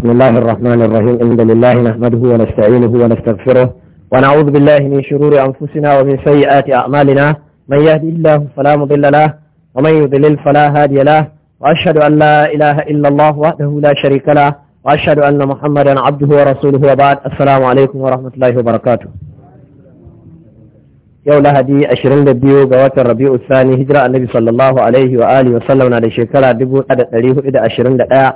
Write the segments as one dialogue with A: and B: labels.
A: بسم الله الرحمن الرحيم الحمد لله نحمده ونستعينه ونستغفره ونعوذ بالله من شرور أنفسنا ومن سيئات أعمالنا من يهدي الله فلا مضل له ومن يضلل فلا هادي له وأشهد أن لا إله إلا الله وحده لا شريك له وأشهد أن محمدا عبده ورسوله وبعد السلام عليكم ورحمة الله وبركاته yau lahadi ashirin da biyu ga watan rabi'u sani hijira annabi sallallahu alaihi wa alihi wa sallam na da shekara dubu da ɗari hudu da ashirin da ɗaya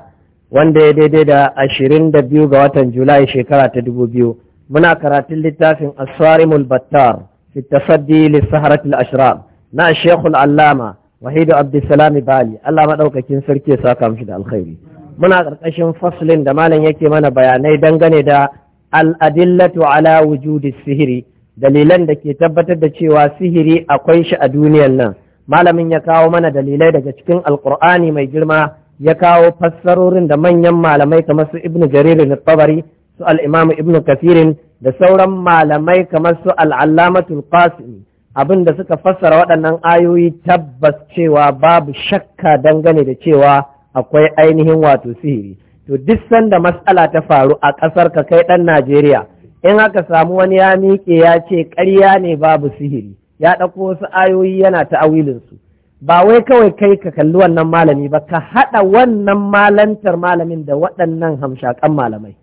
A: wanda ya daidai da ashirin da biyu ga watan julai shekara ta dubu biyu muna karatun littafin aswarimul battar fi tasaddi lissaharatul ashrar na shekul allama wahidu abdulsalami bali allah maɗaukakin sarki ya saka mishi da alkhairi muna ƙarƙashin faslin da malam yake mana bayanai dangane da al'adillatu ala wujudi sihiri dalilan da ke tabbatar da cewa sihiri akwai shi a duniyan nan malamin ya kawo mana dalilai daga cikin Alkur'ani mai girma ya kawo fassarorin da manyan malamai kamar su ibnu jarir al-tabari su al-imam ibnu kasirin da sauran malamai kamar su al-allamatul qasimi abin da suka fassara waɗannan ayoyi tabbas cewa babu shakka dangane da cewa akwai ainihin wato sihiri to duk sanda matsala ta faru a ƙasar ka kai ɗan Najeriya in aka samu wani ya miƙe ya ce ƙarya ne babu sihiri ya ɗauko wasu ayoyi yana ta'awilinsu ba wai kawai kai ka kalli wannan malami ba ka haɗa wannan malantar malamin da waɗannan hamshakan malamai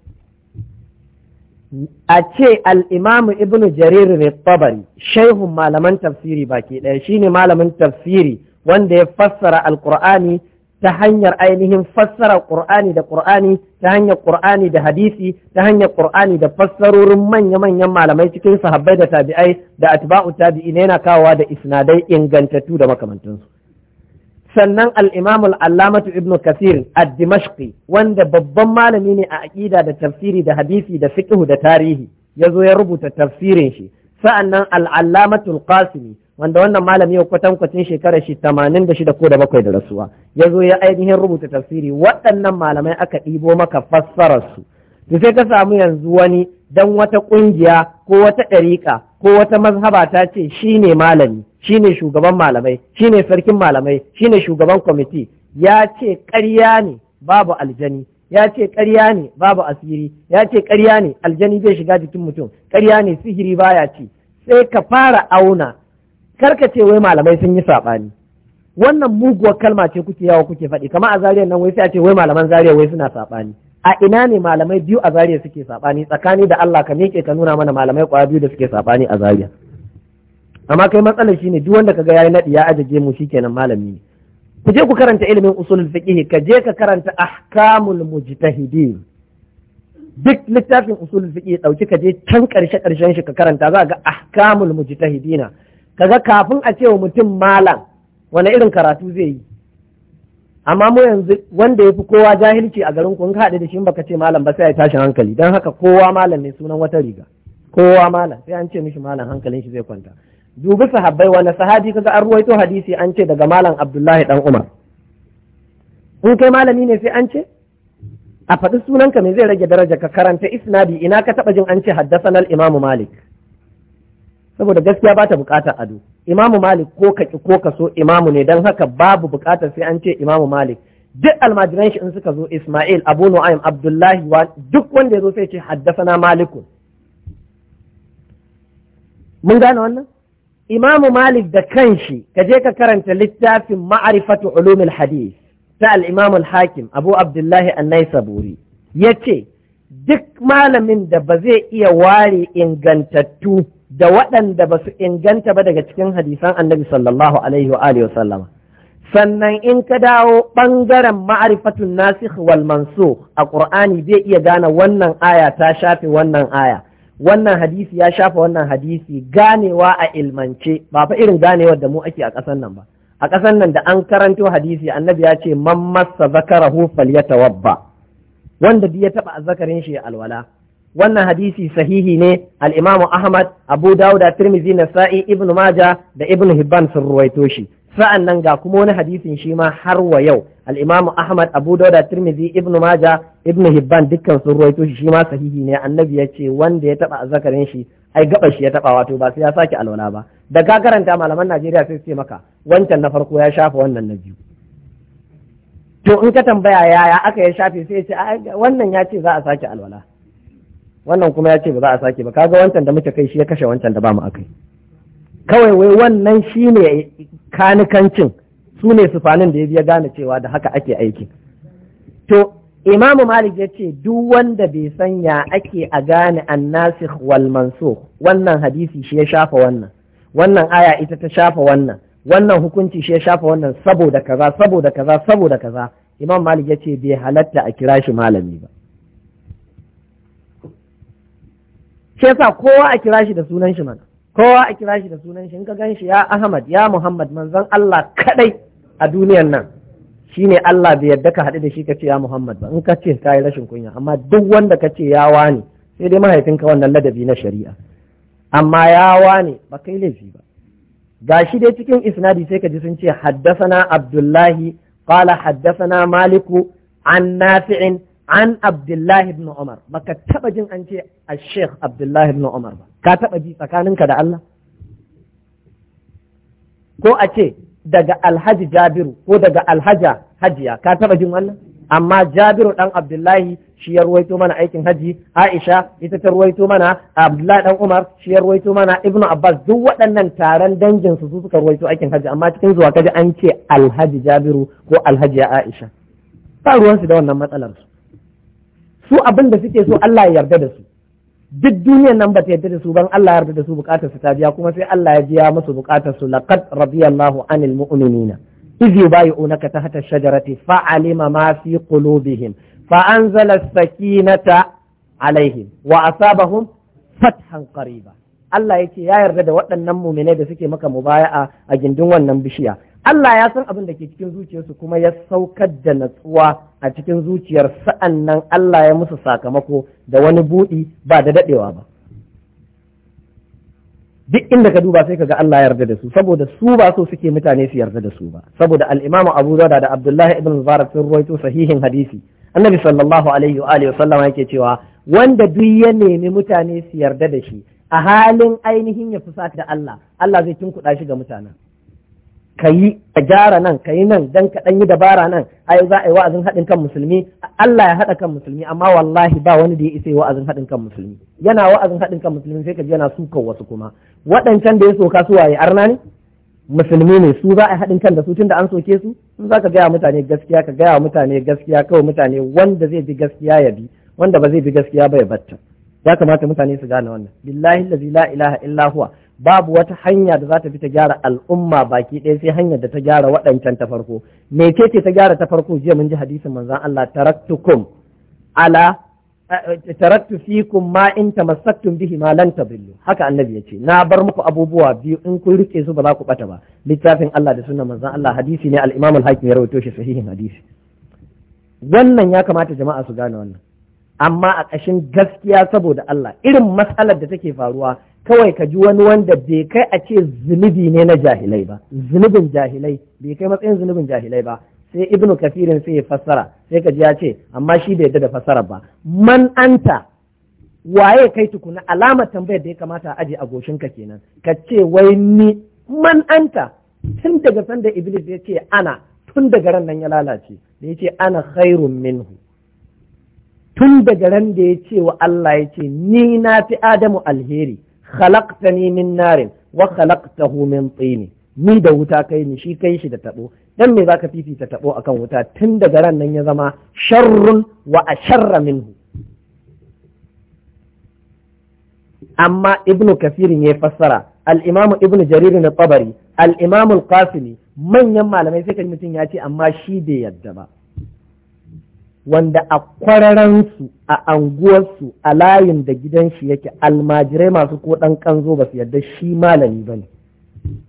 A: a ce al'imamu ibnu jarir tabari shaihun malaman tafsiri baki ɗaya shine malamin tafsiri wanda ya fassara alkur'ani ta hanyar ainihin fassara ƙur'ani da ƙur'ani, ta hanyar ƙur'ani da hadisi ta hanyar ƙur'ani da fassarorin manya-manyan malamai cikin sahabbai da tabi'ai da atba'u tabi'in yana kawowa da isnadai ingantattu da makamantansu sannan al-Imam al-Allamah Ibn Kathir ad-Dimashqi wanda babban malami ne a aqida da tafsiri da hadisi da fiqh da tarihi yazo ya rubuta tafsirin shi sa'annan al-Allamah al-Qasimi wanda wannan malami ya kwatankwacin shekarar shi tamanin da shida ko da bakwai da rasuwa ya zo ya ainihin rubuta tafsiri waɗannan malamai aka ɗibo maka fassararsu to sai ka samu yanzu wani dan wata ƙungiya ko wata ɗariƙa ko wata mazhaba ta ce shi ne malami shi ne shugaban malamai shi ne sarkin malamai shi ne shugaban kwamiti ya ce ƙarya ne babu aljani ya ce ƙarya ne babu asiri ya ce ƙarya ne aljani zai shiga jikin mutum ƙarya ne sihiri baya ci sai ka fara auna karka ce wai malamai sun yi saɓani wannan muguwar kalma ce kuke yawa kuke faɗi kama a zariyar nan wai sai a ce wai malaman zariya wai suna saɓani a ina ne malamai biyu a zariya suke saɓani tsakani da Allah ka miƙe ka nuna mana malamai kwaya biyu da suke saɓani a zariya amma kai matsalar ne duk wanda kaga yayi naɗi ya ajaje mu shi kenan malami ne ku je ku karanta ilimin usulul fiqh ka je ka karanta ahkamul mujtahidin duk littafin usulul fiqh dauki ka je can karshe karshen shi ka karanta za ga ahkamul mujtahidina kaga kafin a ce wa mutum malam wani irin karatu zai yi amma mu yanzu wanda ya fi kowa jahilci a garin kun haɗe da shi baka ce malam ba sai ya tashin hankali don haka kowa malam ne sunan wata riga kowa malam sai an ce mishi malam hankalin shi zai kwanta dubi sahabbai wani sahabi kaga an ruwaito hadisi an ce daga malam abdullahi dan umar in kai malami ne sai an ce a faɗi sunanka me zai rage daraja ka karanta isnadi ina ka taɓa jin an ce haddasa imamu malik saboda gaskiya ba ta bukatar ado imamu malik ko ka ki ko ka so imamu ne don haka babu bukatar sai an ce imamu malik duk almajiran shi in suka zo isma'il abu nu'aym abdullahi wa duk wanda ya zo sai ce haddasana malikun mun gane wannan imamu malik da kanshi ka je ka karanta littafin ma'arifatu ulumil hadith ta al-imam al-hakim abu abdullahi an-naisaburi yace duk malamin da ba zai iya ware ingantattu da waɗanda ba su inganta ba daga cikin hadisan annabi sallallahu alaihi wa alihi wasallama sannan in ka dawo ɓangaren ma'arifatun nasikh wal mansukh a ƙur'ani zai iya gane wannan aya ta shafe wannan aya wannan hadisi ya shafe wannan hadisi ganewa a ilmance ba fa irin ganewar da mu ake a kasan nan ba a kasan nan da an karanto hadisi annabi ya ce man massa zakarahu falyatawabba wanda bi ya taba azzakarin shi alwala wannan hadisi sahihi ne al-Imam Ahmad Abu Dawud Tirmidhi Nasa'i Ibn Majah da Ibn Hibban sun ruwaito shi sa'an nan ga kuma wani hadisin shi ma har wa yau al-Imam Ahmad Abu Dawud Tirmidhi Ibn Majah Ibn Hibban dukkan sun ruwaito shi shi ma sahihi ne annabi ya ce wanda ya taba zakarin shi ai gaba shi ya taba wato ba sai ya sake alwala ba da ka karanta malaman Najeriya sai ce maka wancan na farko ya shafa wannan na biyu to in ka tambaya yaya aka ya shafe sai ya ce wannan ya ce za a sake alwala wannan kuma ya ce ba za a sake ba kaga wancan da muke kai shi ya kashe wancan da ba mu akai kawai wai wannan shi ne kanikancin su ne sufanin da ya biya gane cewa da haka ake aiki to imamu malik ya ce duk wanda bai sanya ake a gane annasikh wal mansukh wannan hadisi shi ya shafa wannan wannan aya ita ta shafa wannan wannan hukunci shi ya shafa wannan saboda kaza saboda kaza saboda kaza imam malik ya ce bai halatta a kira shi malami ba shi yasa kowa a kira shi da sunan shi mana kowa a kira shi da sunan shi in ka gan shi ya Ahmad ya Muhammad manzon Allah kadai a duniyar nan shine Allah bai yarda ka haɗu da shi ka ce ya Muhammad ba in ka ce ta yi rashin kunya amma duk wanda ka ce ya wani sai dai mahaifinka wannan ladabi na shari'a amma ya wani ba kai laifi ba gashi dai cikin isnadi sai ka ji sun ce haddasana Abdullahi qala haddasana Maliku an Nafi'in an Abdullahi ibn Umar baka taba jin an ce a Sheikh Abdullahi ibn Umar ba ka taba ji tsakaninka da Allah ko a ce daga Alhaji Jabiru ko daga Alhaja Hajiya ka taba jin wannan amma Jabiru dan Abdullahi shi ya ruwaito mana aikin haji Aisha ita ta ruwaito mana Abdullahi dan Umar shi ya ruwaito mana Ibnu Abbas duk waɗannan taron dangin su suka ruwaito aikin haji amma cikin zuwa kaji an ce Alhaji Jabiru ko Alhaji Aisha ba ruwansu da wannan matsalar su su abin da suke so Allah ya yarda da su duk duniyar nan ba ta yarda da su ban Allah ya yarda da su bukatar su ta biya kuma sai Allah ya biya musu bukatar su laqad radiyallahu anil mu'minina iz yubayyi'unaka tahta shajarati fa'alima ma fi qulubihim فأنزل السكينة عليهم وأصابهم فتحا قريبا Allah ya ce ya yarda da waɗannan muminai da suke maka mubaya'a a gindin wannan bishiya Allah ya san abin da ke cikin zuciyarsu kuma ya saukar da natsuwa a cikin zuciyar sa'an nan Allah ya musu sakamako da wani buɗi ba da daɗewa ba. Duk inda ka duba sai ka ga Allah ya yarda da su saboda su ba so suke mutane su yarda da su ba saboda al'imamu Abu Dawud da Abdullahi ibn Mubarak sun ruwaito sahihin hadisi annabi sallallahu alaihi wa alihi sallama yake cewa wanda duk ya nemi mutane su yarda da shi a halin ainihin ya fusata da Allah Allah zai tunkuɗa shi ga mutanen. ka yi ka gyara nan ka yi nan dan kaɗan, yi dabara nan ai za a yi wa'azin haɗin kan musulmi Allah ya haɗa kan musulmi amma wallahi ba wani da ya isa wa'azin haɗin kan musulmi yana wa'azin haɗin kan musulmi sai ka ji yana kan wasu kuma waɗancan da ya soka su waye arna ne musulmi ne su za a haɗin kan da su tun da an soke su sun za ka gaya mutane gaskiya ka gaya mutane gaskiya kawai mutane wanda zai bi gaskiya ya bi wanda ba zai bi gaskiya ba ya batta ya kamata mutane su gane wannan billahi la ilaha illa huwa babu wata hanya da za ta fi ta gyara al'umma baki ɗaya sai hanyar da ta gyara waɗancan ta farko me ce ce ta gyara ta farko jiya mun ji hadisin manzon Allah taraktukum ala eh, taraktu fikum ma in tamassaktum bihi ma lan tadillu haka annabi yace na bar muku abubuwa biyu in kun rike su ba za ku bata ba littafin Allah da sunnar manzon Allah hadisi ne al-Imam al-Hakim ya rawaito shi sahihin hadisi wannan ya kamata jama'a su gane wannan amma a ƙashin gaskiya saboda Allah irin matsalar da take faruwa kawai ka ji wani wanda bai kai a ce zunubi ne na jahilai ba zunubin jahilai bai kai matsayin zunubin jahilai ba sai ibnu kafirin sai ya fassara sai ka ji ya ce amma shi bai da fassara ba man anta waye kai tukuna alamar tambayar da ya kamata a aje a ka kenan ka ce wai ni man anta tun daga sanda iblis ya ce ana tun daga ran nan ya lalace da ya ce ana khairun minhu tun daga ran da ya ce wa Allah ya ce ni na fi adamu alheri khalaqtani min narin wa khalaqtahu min tini ni da wuta kai ni shi kai shi da tabo dan me zaka fifita tabo akan wuta tun daga ran nan ya zama sharrun wa asharra minhu amma ibnu kafirin ya fassara al-imamu ibnu jarir na tabari al-imamu al-qasimi manyan malamai sai kan mutum ya ce amma shi bai yadda ba wanda a kwararansu a anguwarsu a layin da gidan shi yake almajirai masu ko ɗan kanzo ba su yarda shi malami ba ne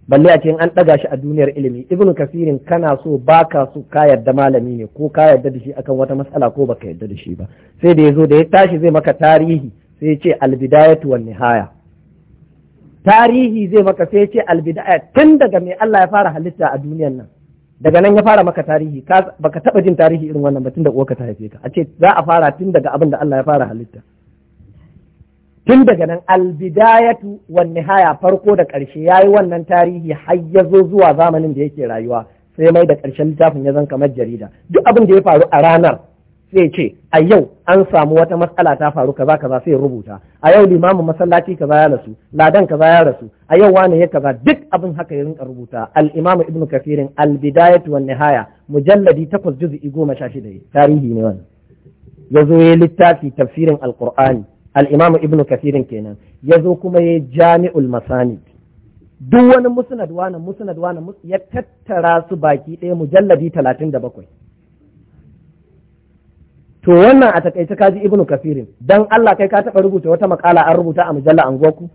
A: balle a cikin an ɗaga shi a duniyar ilimi ibn kasirin kana so baka so ka yarda malami ne ko ka yarda da shi akan wata matsala ko baka yarda da shi ba sai da ya zo da ya tashi zai maka tarihi sai ya ce albidayatu wan nihaya tarihi zai maka sai ya ce albidaya tun daga mai Allah ya fara halitta a duniyar nan daga nan ya fara maka tarihi baka taba jin tarihi irin wannan batun da uwarka ta haife ka a ce za a fara tun daga abin da Allah ya fara halitta tun daga nan albidayatu wan nihaya farko da karshe yayi wannan tarihi har ya zo zuwa zamanin da yake rayuwa sai mai da ƙarshen littafin ya zan kamar jarida duk abin da ya faru a ranar sai ce a yau an samu wata matsala ta faru kaza kaza sai rubuta a yau limamin masallaci kaza ya rasu ladan kaza ya rasu a yau wane ya kaza duk abin haka ya rinka rubuta al imam ibnu kafirin al bidayatu wan nihaya mujalladi 8 juz'i 16 tarihi ne wannan yazo ya littafi tafsirin al qur'ani al imam ibnu kafirin kenan yazo kuma ya jami'ul masanid duk wani musnad wani musnad wani ya tattara su baki ɗaya mujalladi 37 to wannan a takaice kaji ibnu kafirin dan Allah kai ka taɓa rubuta wata makala an rubuta a mujalla an goku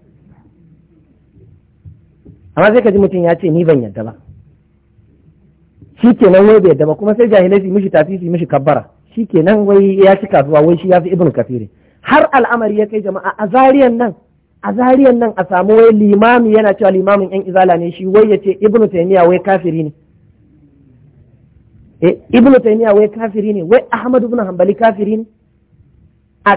A: amma sai kaji mutum ya ce ni ban yadda ba shikenan wai bai yadda ba kuma sai jahilai su mishi tafi su mishi kabbara shikenan wai ya ci kasuwa wai shi ya fi ibnu kafirin har al'amari ya kai jama'a a zariyan nan a zariyan nan a samu wai limami yana cewa limamin yan izala ne shi wai ya ce ibnu taymiya wai kafiri ne Eh, ibn taymiya wai kafiri ne wai ahmad ibn hanbali kafiri ne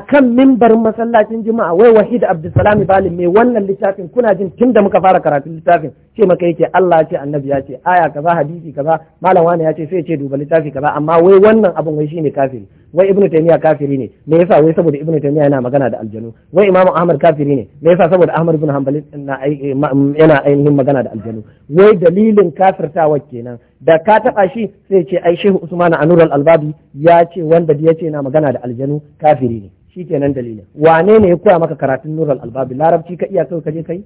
A: kan mimbarin masallacin juma'a wai wahid abdulsalam bali mai wannan littafin kuna jin tunda muka fara karatun littafin ce maka yake Allah ce annabi ya ce aya kaza hadisi kaza malam wani ya ce sai ce duba littafi kaza amma wai wannan abun wai shine kafiri wai ibnu taymiya kafiri ne me yasa wai saboda ibnu taymiya yana magana da aljanu wai imam ahmad kafiri ne me yasa saboda ahmad ibn hanbal eh, mm, yana ainihin magana da aljanu wai dalilin kafirtawa kenan da ka taba shi sai ce ai shehu usman anur al-albabi ya ce wanda ya ce yana magana da aljanu kafiri ne shi kenan dalilin wane ne ya koya maka karatun nurul albabi larabci ka iya kai ka je kai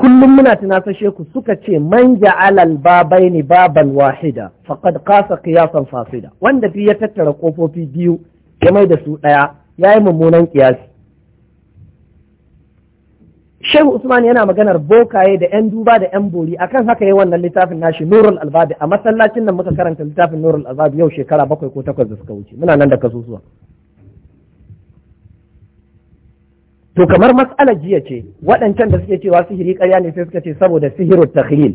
A: kullum muna tunasashe sheku suka ce man ja'ala al-babaini baban wahida faqad qasa qiyasan fasida wanda fi ya tattara kofofi biyu ya mai da su daya yayi mummunan kiyasi Shehu Usman yana maganar bokaye da 'yan duba da 'yan bori akan haka yi wannan littafin nashi Nurul Albabi a masallacin nan muka karanta littafin Nurul Albabi yau shekara bakwai ko takwas da suka wuce muna nan da kasusuwa. to kamar mas'alar jiya ce waɗancan da suke cewa sihiri ƙarya ne sai suka ce saboda sihirut takhlil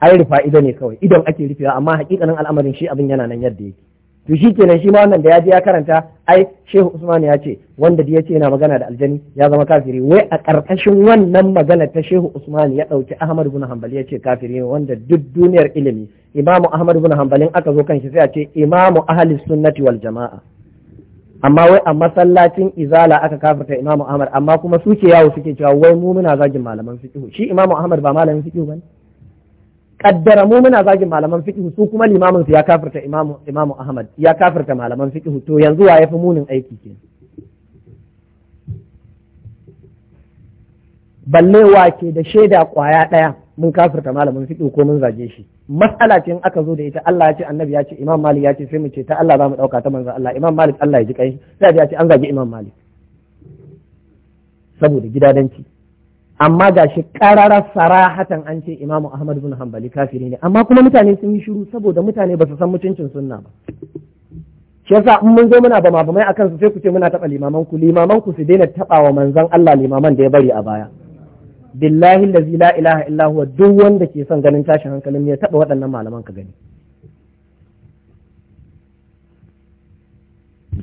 A: ai rufa ido ne kawai idan ake rufewa amma hakikanin al'amarin shi abin yana nan yadda yake to shi kenan shi ma wannan da ya je ya karanta ai shehu usman ya ce wanda da ya ce yana magana da aljani ya zama kafiri wai a ƙarƙashin wannan magana ta shehu usman ya ɗauki ahmad bin hanbali ya ce kafiri wanda duk duniyar ilimi imamu ahmad bin hanbalin aka zo kan shi sai a ce imamu ahli sunnati wal jama'a amma wai a masallacin izala aka kafirta imamu ahmad amma kuma suke yawo suke cewa wai mu muna zagin malaman fiqh shi imamu ahmad ba malamin fiqh bane kaddara mu muna zagin malaman fiqh su kuma limamin su ya kafirta imamu imamu ahmad ya kafirta malaman fiqh to yanzu wa yafi munin aiki ke balle wa ke da shaida kwaya daya mun kafirta malamin fiɗo ko mun zage shi matsala ce in aka zo da ita Allah ya ce annabi ya ce imam malik ya ce sai mu ce ta Allah za mu ɗauka ta manzon Allah imam malik Allah ya ji kai sai ya ce an zage imam malik saboda gidadanci amma ga shi karara sarahatan an ce imamu ahmad bin hanbali kafiri ne amma kuma mutane sun yi shiru saboda mutane ba su san mutuncin sunna ba shi yasa in mun zo muna ba ma mai akan su sai ku ce muna taɓa limaman ku limaman ku su daina taɓa wa manzon Allah limaman da ya bari a baya billahi allazi la ilaha illa huwa duk wanda ke son ganin tashin hankalin ya taba waɗannan malaman ka gani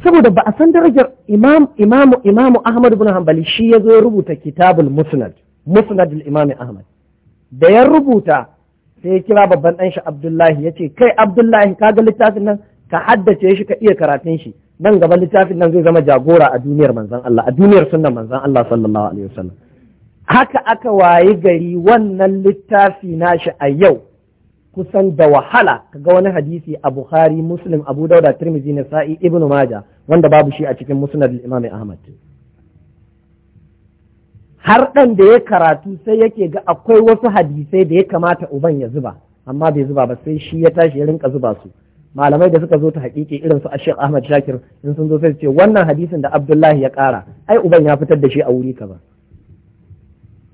A: saboda ba a san darajar imam imamu imamu ahmad ibn hanbali shi ya zo ya rubuta kitabul musnad musnad al-imam ahmad da ya rubuta sai ya kira babban dan shi abdullahi ya ce kai abdullahi ka ga littafin nan ka haddace shi ka iya karatun shi nan gaba littafin nan zai zama jagora a duniyar manzon Allah a duniyar sunnan manzon Allah sallallahu alaihi wasallam haka aka wayi gari wannan littafi nashi a yau kusan da wahala kaga wani hadisi a Bukhari Muslim Abu Dauda Tirmidhi Nasa'i Ibn Majah wanda babu shi a cikin Musnad Imam Ahmad har ɗan da ya karatu sai yake ga akwai wasu hadisai da ya kamata uban ya zuba amma bai zuba ba sai shi ya tashi ya rinka zuba su malamai da suka zo ta haƙiƙi irin su Sheikh Ahmad Shakir in sun zo sai su ce wannan hadisin da Abdullahi ya ƙara ai uban ya fitar da shi a wuri kaza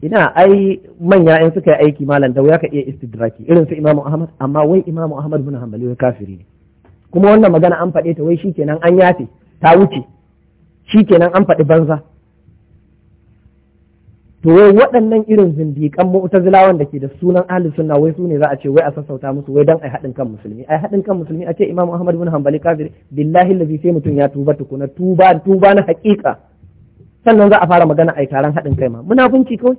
A: ina ai manya in suka yi aiki malam da ya ka iya istidraki irin su imamu ahmad amma wai imamu ahmad bin hanbali wai kafiri ne kuma wannan magana an faɗe ta wai shikenan an yafe ta wuce shikenan an faɗi banza to wai waɗannan irin zindiƙan mu'tazilawan da ke da sunan ahli sunna wai su ne za a ce wai a sassauta musu wai dan ai haɗin kan musulmi ai haɗin kan musulmi a ce imamu ahmad bin hanbali kafiri billahi lazi sai mutum ya tuba tukuna tuba tuba na haƙiƙa sannan za a fara magana a taron haɗin kai ma munafunci kawai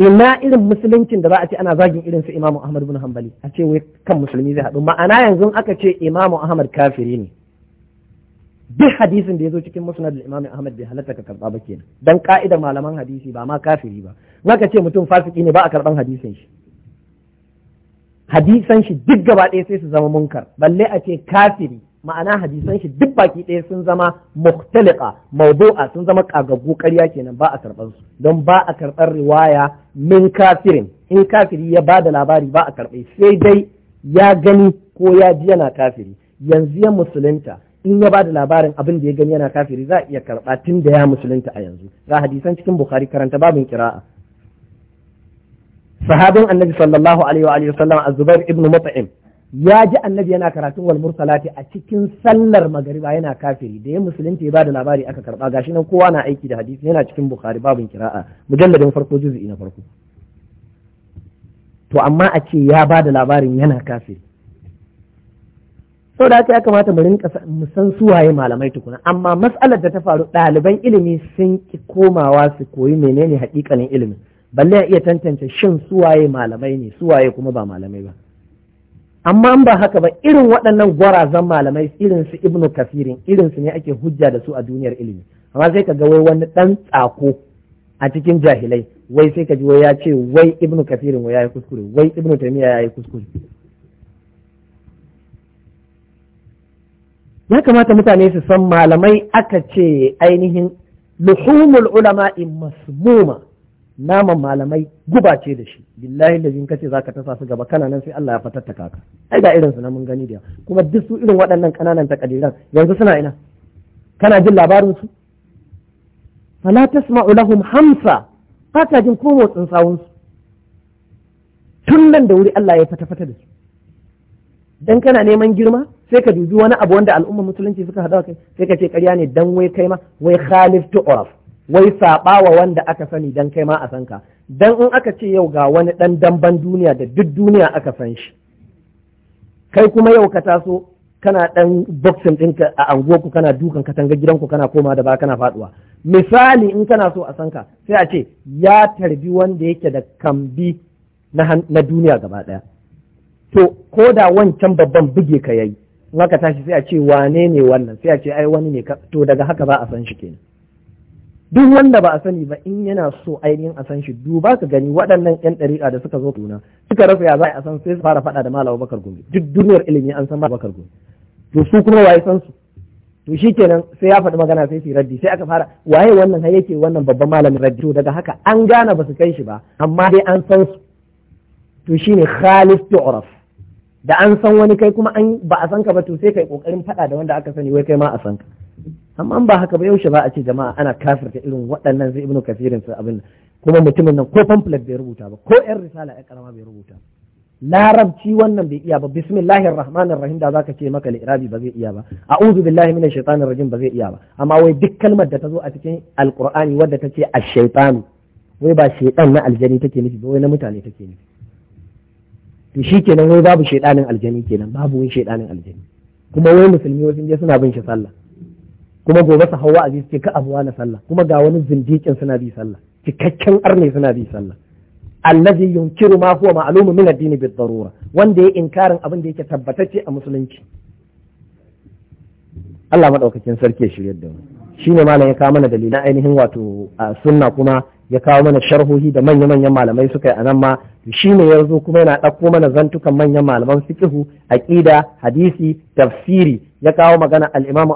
A: ina irin musuluncin da za a ce ana zagin irin su imamu ahmad bin hanbali a ce wai kan musulmi zai haɗu ma'ana yanzu aka ce imamu ahmad kafiri ne duk hadisin da ya zo cikin musnad da imamu ahmad bai halatta ka karba ba kenan dan ka'idar malaman hadisi ba ma kafiri ba ka ce mutum fasiki ne ba a karban hadisin shi hadisan shi duk gaba ɗaya sai su zama munkar balle a ce kafiri ma'ana hadisan shi duk baki ɗaya sun zama muhtaliqa mawdu'a sun zama kagaggu ƙarya kenan ba a karɓar su don ba a karɓar riwaya min kafirin in kafiri ya bada labari ba a karɓe sai dai ya gani ko ya ji yana kafiri yanzu ya musulunta in ya bada labarin abin da ya gani yana kafiri za a iya karɓa tun da ya musulunta a yanzu ga hadisan cikin bukhari karanta babin kira'a sahabin annabi sallallahu alaihi wa alihi sallam az-zubair ibn mut'im ya ji annabi yana karatun wal mursalati a cikin sallar magariba yana kafiri da ya musulunci ya ba da labari aka karba gashi nan kowa na aiki da hadisi yana cikin bukhari babin kira'a mujalladin farko juz'i na farko to amma a ce ya bada labarin yana kafiri sau da aka ya kamata mu rinka mu san suwaye malamai tukuna amma mas'alar da ta faru ɗaliban ilimi sun ki komawa su koyi menene haƙiƙanin ilimi balle iya tantance shin suwaye malamai ne suwaye kuma ba malamai ba amma ba haka ba irin waɗannan gwarazan malamai irin su ibnu kafirin irin su ne ake hujja da su a duniyar ilimi amma sai ka ga wai wani ɗan tsako a cikin jahilai wai sai ka ji wai ya ce wai ibnu kafirin wai yayi kuskure wai ibnu ya yayi kuskure ya kamata mutane su san malamai aka ce ainihin luhumul ulama'i masmuma naman malamai guba ce da shi billahi da jin kace zaka tasa su gaba kana nan sai Allah ya fatattaka ka ai ga irin su na mun gani da kuma duk su irin waɗannan kananan takadiran yanzu suna ina kana jin labarin su fala tasma'u lahum hamsa ka jin ko motsin sawun su tun nan da wuri Allah ya fata fata da su dan kana neman girma sai ka dubi wani abu wanda al'umma musulunci suka hada kai sai ka ce ƙarya ne dan wai kai ma wai khalif tu'raf wai saɓa wa wanda aka sani dan kai ma a san ka dan in aka ce yau ga wani dan damban duniya da duk duniya aka san shi kai kuma yau ka taso kana dan boxing ɗinka a anguwarku kana dukan katangar gidanku kana koma da ba kana faduwa misali in kana so a san ka sai a ce ya tarbi wanda yake da kambi na duniya gaba ɗaya to ko da wancan babban buge ka yayi in aka tashi sai a ce wane ne wannan sai a ce ai wani ne to daga haka ba a san shi kenan duk wanda ba a sani ba in yana so ainihin a san shi duba ka gani waɗannan yan ɗariƙa da suka zo tuna suka rasa ya za a san sai su fara faɗa da malama bakar gumi duk duniyar ilimi an san bakar gumi to su kuma waye san su to shi kenan sai ya faɗi magana sai su raddi sai aka fara waye wannan har yake wannan babban malamin raddi to daga haka an gane ba su kai shi ba amma dai an san su to shine khalif tu'raf da an san wani kai kuma an ba a san ka ba to sai kai kokarin faɗa da wanda aka sani wai kai ma a san ka amma ba haka ba yaushe ba a ce jama'a ana kafirta irin waɗannan zai ibnu kafirin su abin kuma mutumin nan ko pamphlet bai rubuta ba ko yan risala yan karama bai rubuta larabci wannan bai iya ba bismillahir rahmanir rahim da zaka ce maka li'rabi ba zai iya ba a'udhu billahi minash shaitanir rajim ba zai iya ba amma wai duk kalmar da ta zo a cikin alqur'ani wadda ta ce ash-shaytanu wai ba shaytan na aljani take nufi ba wai na mutane take nufi to shikenan wai babu shaytanin aljani kenan babu wai shaytanin aljani kuma wai musulmi wasu je suna bin shi sallah kuma gobe su hawa aziz ce ka abuwa na sallah kuma ga wani zindikin suna bi sallah cikakken arne suna bi sallah allazi yunkiru ma huwa ma'lumun min ad bi darura wanda ya inkarin abin da yake tabbatacce a musulunci Allah madaukakin sarki ya shiryar da mu shine malam ya kawo mana dalilan ainihin wato sunna kuma ya kawo mana sharhohi da manya-manyan malamai suka yi a nan ma shi ne ya zo kuma yana ɗauko mana zantukan manyan malaman fiqihu aqida hadisi tafsiri ya kawo magana al’imamu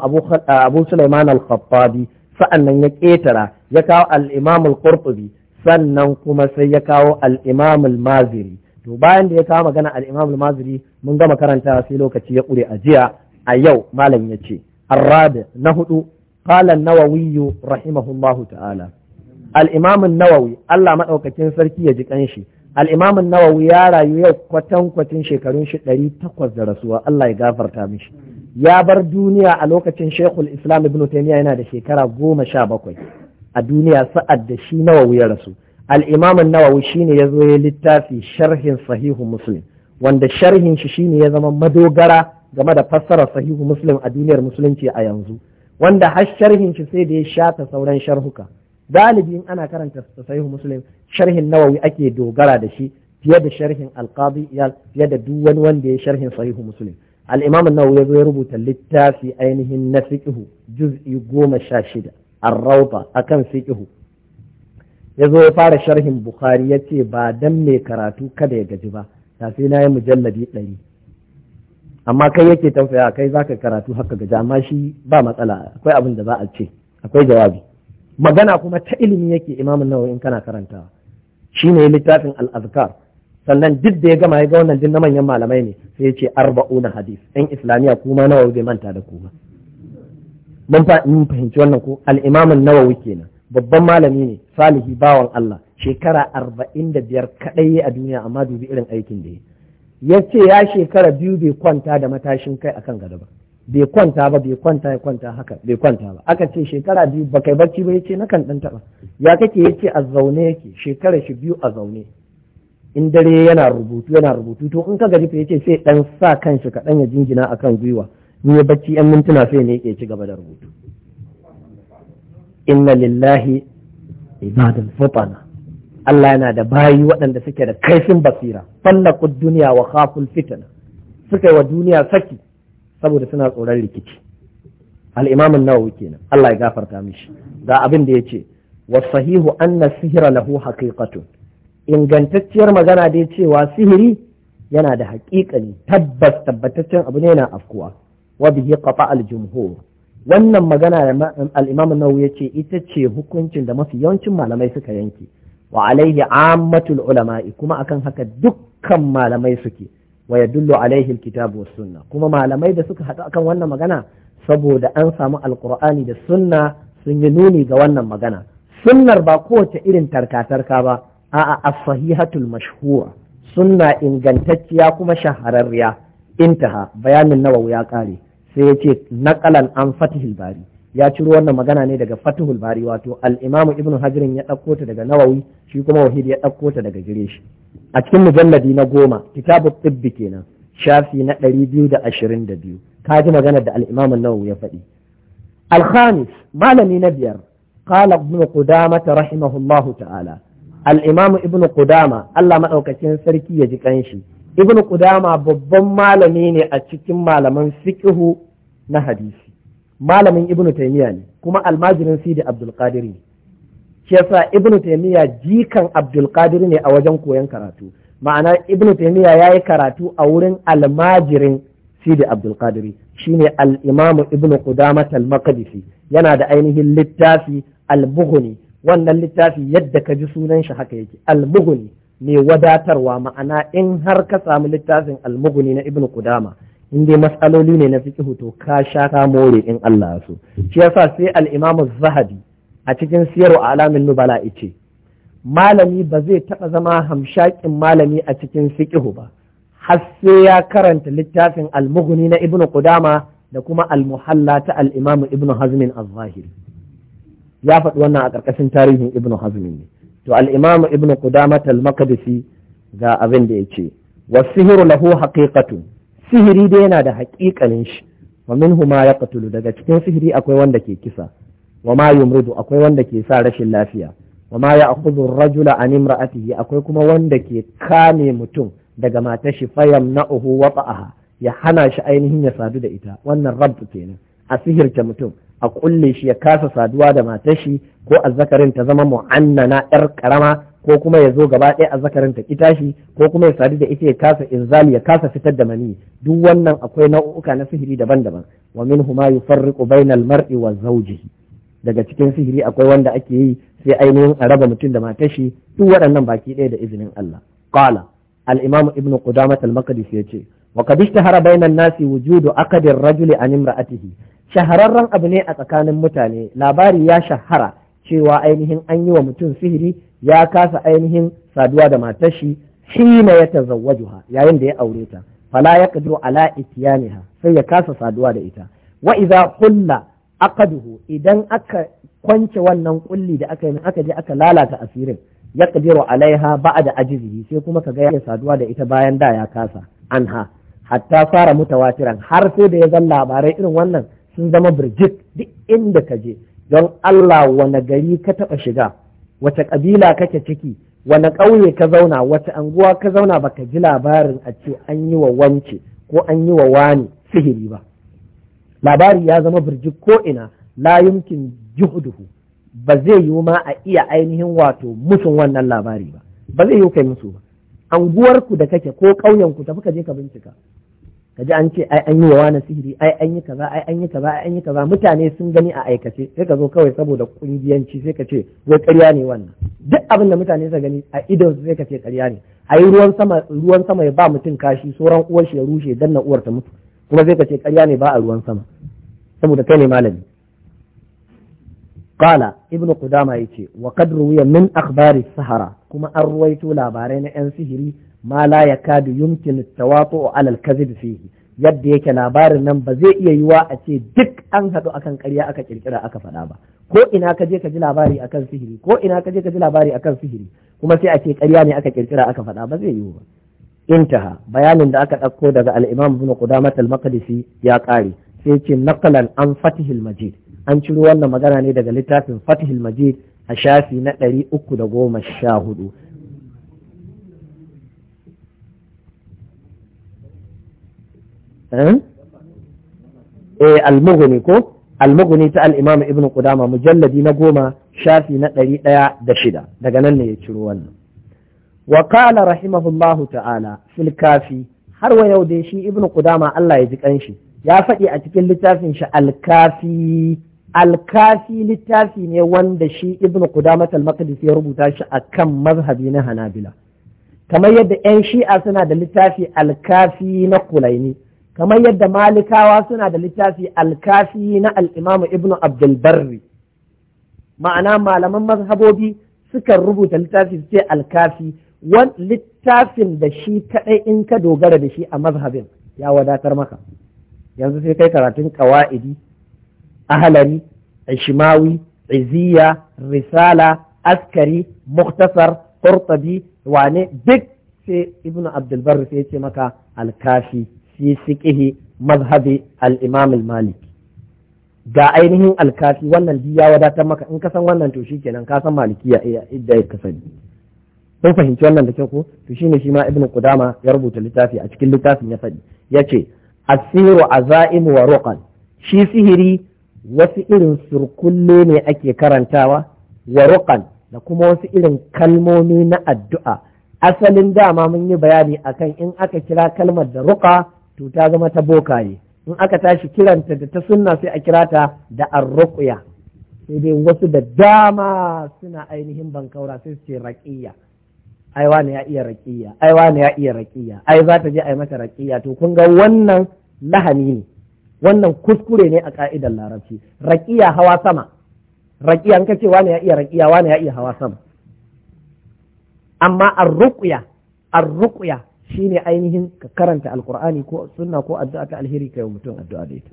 A: abu Sulaiman al-Khattabi sa’annan ya ƙetara ya kawo al’imamu sannan kuma sai ya kawo alimamu al-Maziri. To bayan da ya kawo magana al’imamu al-Maziri mun gama karanta sai lokaci ya ƙure ajiya a yau malam ya ce. Arrabi na hudu qala an-Nawawi rahimahullahu ta'ala. Al'imamin nawawi Allah maɗaukakin sarki ya ji shi. Al'imamin nawawi ya rayu yau kwatankwacin shekarun shi ɗari takwas da rasuwa Allah ya gafarta mishi. ya bar duniya a lokacin shekul islam ibn taymiya yana da shekara goma sha bakwai a duniya sa'ad da shi nawawi ya rasu al-imam nawawi shine ya zo ya littafi sharhin sahihu muslim wanda sharhin shi shine ya zama madogara game da fassarar sahihu muslim a duniyar musulunci a yanzu wanda har sharhin shi sai da ya shata sauran sharhuka galibi in ana karanta sahihu muslim sharhin nawawi ake dogara da shi fiye da sharhin alqadi fiye da duk wani wanda ya sharhin sahihu muslim Al'imamin imam ya zo ya rubuta littafi ainihin na fiqhu juz'i goma sha shida ar akan fiqhu ya zo ya fara sharhin bukhari ya ce ba dan mai karatu kada ya gaji ba da sai na yi mujalladi ɗari amma kai yake tausaya kai za ka karatu haka gaji amma shi ba matsala akwai abin da za a ce akwai jawabi magana kuma ta ilimi yake Imamin nawa in kana karantawa shine littafin al-azkar sannan duk da ya gama ya ga wannan duk na manyan malamai ne sai ya ce arba'una hadis ɗan islamiyya kuma nawa bai manta da kuma mun mun fahimci wannan ko Al'imamin nawa nawawi kenan babban malami ne salihi bawan Allah shekara arba'in da biyar kaɗai a duniya amma dubi irin aikin da ya ya ce ya shekara biyu bai kwanta da matashin kai akan gado ba bai kwanta ba bai kwanta ya kwanta haka bai kwanta ba aka ce shekara biyu ba kai bacci ba ya ce na kan ɗan taɓa ya kake ya ce a zaune yake shekara shi biyu a zaune in dare yana rubutu yana rubutu to in ka gaji fa yace sai dan sa kanshi kaɗan ya jingina akan gwiwa Ni ya bacci yan mintuna sai ne yake ci gaba da rubutu inna lillahi ibadul fatana Allah yana da bayi waɗanda suke da kaifin basira fallaku duniya wa khaful fitna suka wa duniya saki saboda suna tsoron rikici al-imam an-nawawi kenan Allah ya gafarta mishi ga abin da yace Wa sahihu anna sihra lahu haqiqatun ingantacciyar magana dai cewa sihiri yana da haƙiƙani tabbas tabbataccen abu ne na afkuwa wa bihi qata al jumhur wannan magana da al-imam nawawi yace ita ce hukuncin da mafi yawancin malamai suka yanke wa alaihi ammatul ulama'i kuma akan haka dukkan malamai suke wa yadullu alaihi alkitabu was sunna kuma malamai da suka haɗu akan wannan magana saboda an samu alqur'ani da sunna sun yi nuni ga wannan magana sunnar ba kowace irin tarka-tarka ba a'a as-sahihatul mashhura sunna ingantacciya kuma shahararriya intaha bayanin nawawi ya kare sai ya ce naqalan an fatihul bari ya ciro wannan magana ne daga fatihul bari wato al-imam ibnu hajirin ya ɗauko ta daga nawawi shi kuma wahid ya ɗauko ta daga gire a cikin mujalladi na goma kitabut tibbi kenan shafi na ɗari biyu da ashirin da biyu ka ji maganar da al-imam nawawi ya faɗi al-khamis malami na biyar qala ibnu qudamah rahimahullahu ta'ala Al'imamu Ibn ibnu qudama Allah maɗaukacin sarki ya ji kanshi Ibn qudama babban malami ne a cikin malaman fiqhu na hadisi malamin Ibn taymiya ne kuma almajirin sidi abdul ne shi yasa ibnu taymiya jikan abdulkadir ne a wajen koyon karatu ma'ana ibnu taymiya yi karatu a wurin almajirin sidi abdulkadir shi shine al-imam ibnu qudama talmakadisi yana da ainihin littafi al-bughni wannan littafi yadda ka ji sunan shi haka yake almuguni mai wadatarwa ma'ana in har ka samu littafin almuguni na ibnu kudama in dai matsaloli ne na fiqhu to ka sha ka more in Allah so shi yasa sai al-imam zahabi a cikin siyaru alamin nubala ice malami ba zai taɓa zama hamshakin malami a cikin fiqhu ba har sai ya karanta littafin almuguni na ibnu kudama da kuma almuhalla ta al-imam ibnu hazmin az-zahiri ya faɗi wannan a ƙarƙashin tarihin ibnu hazm ne to al-imam ibnu qudamah al-maqdisi ga abin da yace wa sihiru lahu haqiqatu sihiri dai yana da haƙiƙanin shi wa minhu ma yaqtulu daga cikin sihiri akwai wanda ke kisa wa ma yumridu akwai wanda ke sa rashin lafiya wa ma ya'khudhu ar-rajula an imra'atihi akwai kuma wanda ke kame mutum daga matar shi na wata'aha ya hana shi ainihin ya sadu da ita wannan rabb kenan a sihirce mutum a kulle shi ya kasa saduwa da matar shi ko azzakarin ta zama mu'annana yar karama ko kuma ya zo gaba ɗaya azzakarin ta kita shi ko kuma ya sadu da ita ya kasa inzali ya kasa fitar da mani duk wannan akwai nau'uka na sihiri daban-daban wa min ma yufarriqu bainal mar'i wa zawjihi daga cikin sihiri akwai wanda ake yi sai ainihin a raba mutum da matar shi duk waɗannan baki ɗaya da izinin Allah qala al-imam ibnu qudamah al-maqdisi yace وقد bainan nasi wujudu وجود عقد a عن امرأته shahararren abu ne a tsakanin mutane labari ya shahara cewa ainihin an yi wa mutum sihiri ya kasa ainihin saduwa da matar shi ma ya ta tazawwajuha yayin da ya aure ta fala ya yaqdiru ala itiyaniha sai ya kasa saduwa da ita wa idza hulla aqaduhu idan aka kwance wannan kulli da aka yi aka je aka lalata asirin ya yaqdiru alaiha ba'da ajizihi sai kuma kaga ya saduwa da ita bayan da ya kasa anha hatta fara mutawatiran har sai da ya zan labarai irin wannan sun zama birjit duk inda ka je don Allah wane gari ka taɓa shiga wace ƙabila kake ciki wane ƙauye ka zauna wace anguwa ka zauna baka ji labarin a ce an yi wa wance ko an yi wa wani sihiri ba labari ya zama birjik ko ina la yumkin juhduhu ba zai yiwu ma a iya ainihin wato musun wannan labari ba ba zai yiwu kai musu ba anguwarku da kake ko ƙauyenku tafi ka je ka bincika kaji an ce ai an yi wa wani sihiri ai an yi kaza ai an yi kaza ai an yi kaza mutane sun gani a aikace sai ka zo kawai saboda kungiyanci sai ka ce wai ƙarya ne wannan duk abin da mutane suka gani a idon sai ka ce ƙarya ne ai ruwan sama ruwan sama ya ba mutum kashi sauran uwar shi ya rushe dan na uwar ta mutu kuma sai ka ce ƙarya ne ba a ruwan sama saboda kai ne malami قال ابن قدامة يتي وقد روي من أخبار السهرة كما أرويت na أن سهري ma la yakadu yumkin tawatu'u alal kadhib fihi yadda yake labarin nan ba zai iya yiwa a ce duk an haɗu akan ƙarya aka kirkira aka faɗa ba ko ina ka je ka ji labari akan sihiri ko ina ka je ka ji labari akan sihiri kuma sai a ce ƙarya ne aka kirkira aka faɗa ba zai yiwu ba intaha bayanin da aka ɗauko daga al-imam ibn qudamah al-maqdisi ya ƙare sai ce naqalan an fatihil majid an ciro wannan magana ne daga littafin fatihil majid a shafi na ɗari uku da goma sha hudu Eh? eh al-mughni ko al-mughni ta al-imam ibn qudama mujalladi na goma shafi na ɗari ɗaya da shida daga nan ne ya ciro wannan wa qala rahimahullahu ta'ala fil kafi har wa yau dai shi ibn qudama Allah ya ji kanshi ya faɗi a cikin littafin shi al-kafi al-kafi littafi ne wanda shi ibn qudama al-maqdisi ya rubuta shi akan mazhabi na hanabila kamar yadda 'yan shi'a suna da littafi al-kafi na kulaini kamar yadda malikawa suna da littafi alkafi na al'imamu ibnu abdulbarri ma'ana malaman mazhabobi suka rubuta littafi ce alkafi wan littafin da shi kaɗai in ka dogara da shi a mazhabin ya wadatar maka yanzu sai kai karatun ƙawa'idi ahalari ishimawi iziya risala askari muktasar qurtubi wane duk sai ibnu abdulbarri sai ya ce maka alkafi fi fiqhi mazhabi al-imam al ga ainihin alkafi wannan duk ya wadatar maka in ka san wannan to shikenan ka san malikiya idda ya kasani Sun fahimci wannan da kyau ko to shine shi ma ibnu Kudama ya rubuta littafi a cikin littafin ya faɗi ce asiru azaim wa ruqan shi sihiri wasu irin surkulle ne ake karantawa wa da kuma wasu irin kalmomi na addu'a asalin dama mun yi bayani akan in aka kira kalmar da ruqa to ta zama ta bokaye in aka tashi kiranta da ta sunna sai a kira ta da arruqya sai dai wasu da dama suna ainihin bankaura sai su ce raƙiyya ai wani ya iya raƙiyya ai wani ya iya raƙiyya ai za ta je ai mata raƙiyya to kun ga wannan lahani ne wannan kuskure ne a ka'idar larabci raƙiyya hawa sama raqiya in ka ce wani ya iya raƙiyya wani ya iya hawa sama amma arruqya arruqya ne ainihin ka karanta alkur'ani ko sunna ko addu'a ta alheri kai mutum addu'a da ita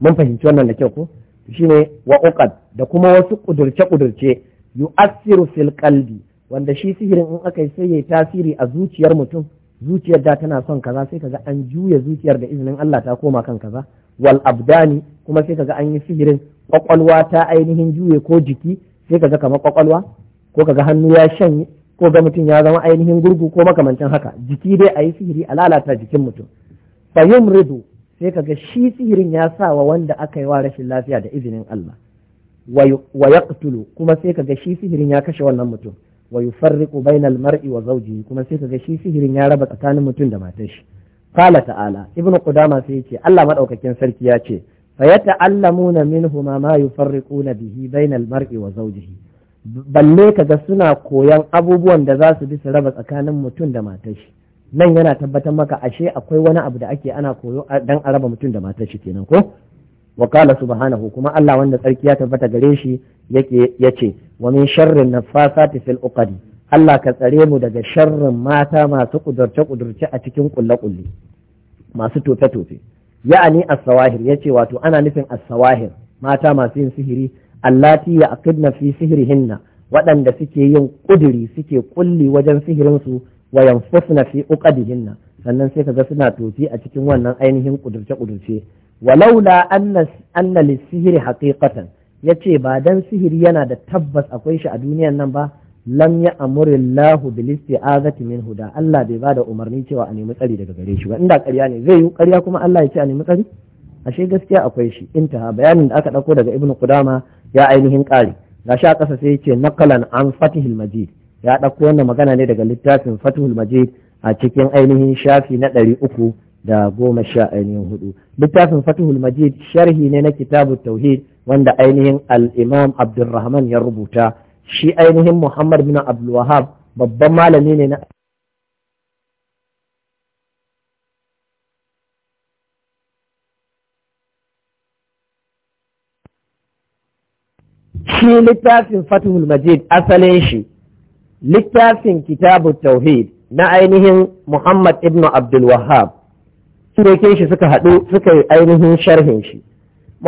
A: mun fahimci wannan da kyau ko shine wa uqad da kuma wasu kudurce kudurce yu'assiru fil qalbi wanda shi sihirin in aka yi sai yayi tasiri a zuciyar mutum zuciyar da tana son kaza sai kaga an juya zuciyar da izinin Allah ta koma kan kaza wal abdani kuma sai kaga an yi sihirin kwakwalwa ta ainihin juye ko jiki sai kaga kamar kwakwalwa ko kaga hannu ya shanye ko ga mutum ya zama ainihin gurgu ko makamancin haka jiki dai a yi sihiri a lalata jikin mutum Fayyum ridu sai kaga shi sihirin ya sa wa wanda aka yi wa rashin lafiya da izinin Allah wa yaqtulu kuma sai kaga shi sihirin ya kashe wannan mutum wa yufarriqu bainal mar'i wa kuma sai kaga shi sihirin ya raba tsakanin mutum da matar shi qala ta'ala ibnu qudama sai yace Allah madaukakin sarki ya ce fayata'allamuna minhuma ma yufarriquna bihi bainal mar'i wa zawjihi balle ka ga suna koyan abubuwan da za su bi su raba tsakanin mutum da matar shi nan yana tabbatar maka ashe akwai wani abu da ake ana koyo dan a raba mutum da matar shi kenan ko wa qala subhanahu kuma Allah wanda tsarki ya tabbata gare shi yake yace wa min sharrin nafasati fil uqadi Allah ka tsare mu daga sharrin mata masu kudurce kudurce a cikin kulle kulle masu tofe tofe ya'ani as-sawahir yace wato ana nufin as-sawahir mata masu yin sihiri allati ya aqidna fi sihrihinna waɗanda suke yin kuduri suke kulli wajen sihirinsu wa yanfusna fi uqadihinna sannan sai kaga suna tofi a cikin wannan ainihin kudurce kudurce walaula anna anna lisihri haqiqatan yace ba dan sihiri yana da tabbas akwai shi a duniyan nan ba lam ya amuri Allahu bil isti'azati minhu da Allah bai bada umarni cewa a nemi tsari daga gare shi ba inda ƙarya ne zai yi ƙarya kuma Allah ya ce a nemi tsari ashe gaskiya akwai shi intaha bayanin da aka ɗauko daga ibn qudama ya ainihin ƙari gashi a ƙasa sai ya ce naqalan an fatihul majid ya ɗauko wannan magana ne daga littafin fatihul majid a cikin ainihin shafi na ɗari uku da goma sha ainihin hudu littafin fatihul majid sharhi ne na kitabu tauhid wanda ainihin al-imam abdulrahman ya rubuta shi ainihin muhammad bin abdulwahab babban malami ne na shi littafin fatihul majid asalin shi littafin kitabu tauhid na ainihin muhammad ibn abdul wahab surokin shi suka haɗu suka yi ainihin sharhin shi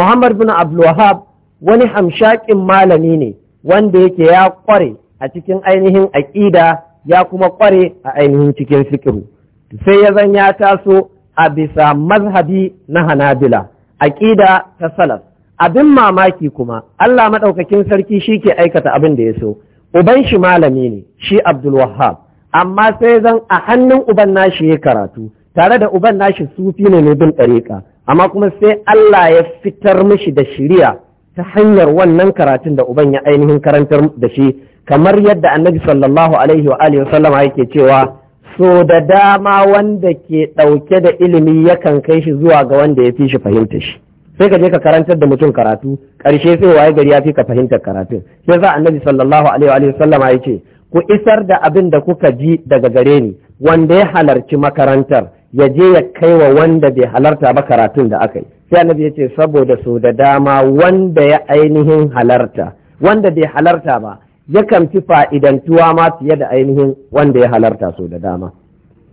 A: muhammad ibn abdul wahab wani hamshakin malami ne wanda yake ya kware a cikin ainihin aƙida ya kuma kware a ainihin cikin fikiru sai ya zan ya taso a bisa mazhabi na hanabila aƙida ta salaf abin mamaki kuma Allah maɗaukakin sarki shi ke aikata abin da ya so uban shi malami ne shi Abdulwahab. amma sai zan a hannun uban nashi ya karatu tare da uban nashi sufi ne mai bin ɗariƙa amma kuma sai Allah ya fitar mishi da shiriya ta hanyar wannan karatun da uban ya ainihin karantar da shi kamar yadda annabi sallallahu alaihi wa alihi yake cewa so da dama wanda ke ɗauke da ilimi yakan kai shi zuwa ga wanda ya fi shi fahimta shi sai ka je ka karantar da mutum karatu karshe sai waye gari ya fi ka fahimtar karatun sai za annabi sallallahu alaihi wa sallama ya ce ku isar da abin da kuka ji daga gare ni wanda ya halarci makarantar ya je ya kai wa wanda bai halarta ba karatun da aka yi sai annabi ya ce saboda so da dama wanda ya ainihin halarta wanda bai halarta ba yakan fi fa'idantuwa ma fiye da ainihin wanda ya halarta so da dama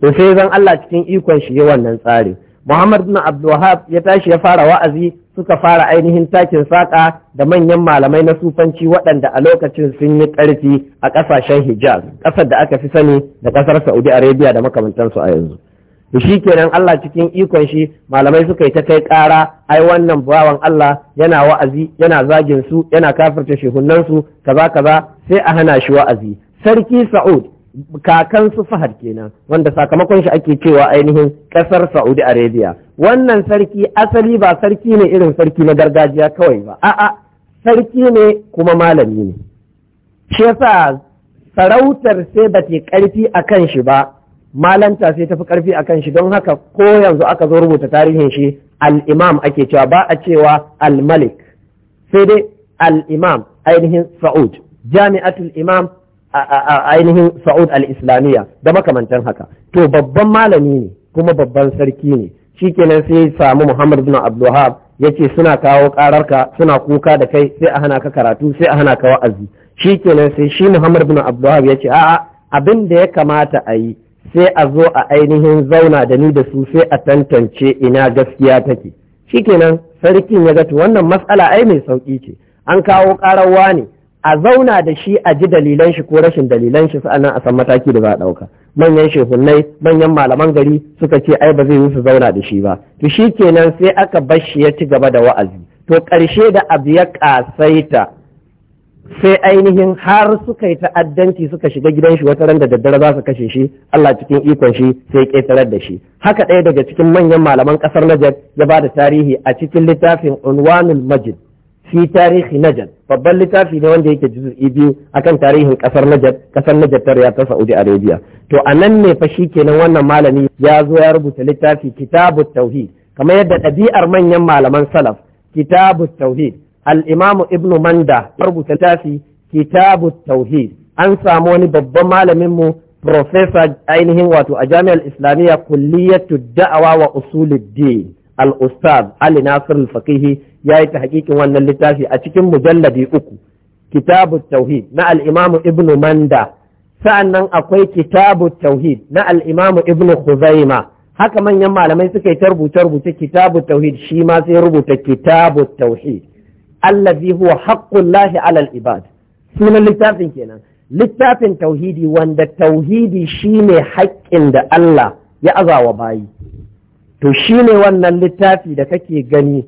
A: to sai zan Allah cikin ikon shi wannan tsarin Muhammad bin Abdulwahab ya tashi ya fara wa'azi suka fara ainihin takin saƙa da manyan malamai na sufanci waɗanda a lokacin sun yi ƙarfi a ƙasashen Hijaz, ƙasar da aka fi sani da ƙasar Saudi Arabia da makamantansu a yanzu. Da shi kenan Allah cikin ikon shi malamai suka yi ta kai ƙara ai wannan bawan Allah yana wa'azi yana zagin su yana kafirta shehunnan kaza kaza sai a hana shi wa'azi. Sarki Sa'ud kakan su fahad kenan wanda sakamakon shi ake cewa ainihin kasar Saudi Arabia wannan sarki asali ba sarki ne irin sarki na gargajiya kawai ba a'a sarki ne kuma malami ne shi yasa sarautar sai ba ta karfi akan shi ba malanta sai tafi karfi akan shi don haka ko yanzu aka zo rubuta tarihin shi al-imam ake cewa ba a cewa al-malik sai dai al-imam ainihin Saud jami'atul imam ainihin Sa'ud al-Islamiyya da makamantan haka to babban malami ne kuma babban sarki ne shikenan sai ya samu Muhammad bin Abdulwahab yace suna kawo kararka suna kuka da kai sai a hana ka karatu sai a hana ka wa'azi shikenan sai shi Muhammad bin Abdulwahab ce a'a abin da ya kamata a yi sai a zo a ainihin zauna da ni da su sai a tantance ina gaskiya take shikenan sarkin ya ga to wannan mas'ala ai mai sauki ce an kawo karawa ne a zauna da shi a ji dalilan shi ko rashin dalilan shi sa'annan a san mataki da za a ɗauka manyan shehunnai manyan malaman gari suka ce ai ba zai yi su zauna da shi ba to shi kenan sai aka bar shi ya ci gaba da wa'azi to ƙarshe da abu ya ƙasaita sai ainihin har suka yi ta'addanci suka shiga gidan shi wata ran da daddare za su kashe shi Allah cikin ikon shi sai ya ƙetarar da shi haka ɗaya daga cikin manyan malaman ƙasar Najar ya ba da tarihi a cikin littafin Unwanul Majid fi tarihi najad babban littafi ne wanda yake juz'i biyu a kan tarihin kasar najad kasar najad ta riyar ta saudi arabia to a nan ne fa kenan wannan malami ya zo ya rubuta littafi kitabu tauhid kamar yadda ɗabi'ar manyan malaman salaf kitabu tauhid al-imam ibn manda ya rubuta littafi kitabu tauhid an samu wani babban malamin mu professor ainihin wato a jami'ar islamiyya kulliyatu da'awa wa usuluddin al-ustaz ali nasir al-faqihi ya yi tahqiqin wannan littafi a cikin mujalladi uku kitabu tauhid na Alimamu Ibnu ibn manda sa'annan akwai kitabu tauhid na Alimamu Ibnu ibn haka manyan malamai suka yi rubuce rubuce kitabu tauhid shi ma sai rubuta kitabu tauhid allazi huwa haqqullahi alal ibad sunan littafin kenan littafin tauhidi wanda tauhidi ne haƙƙin da Allah ya azawa bayi to shine wannan littafi da kake gani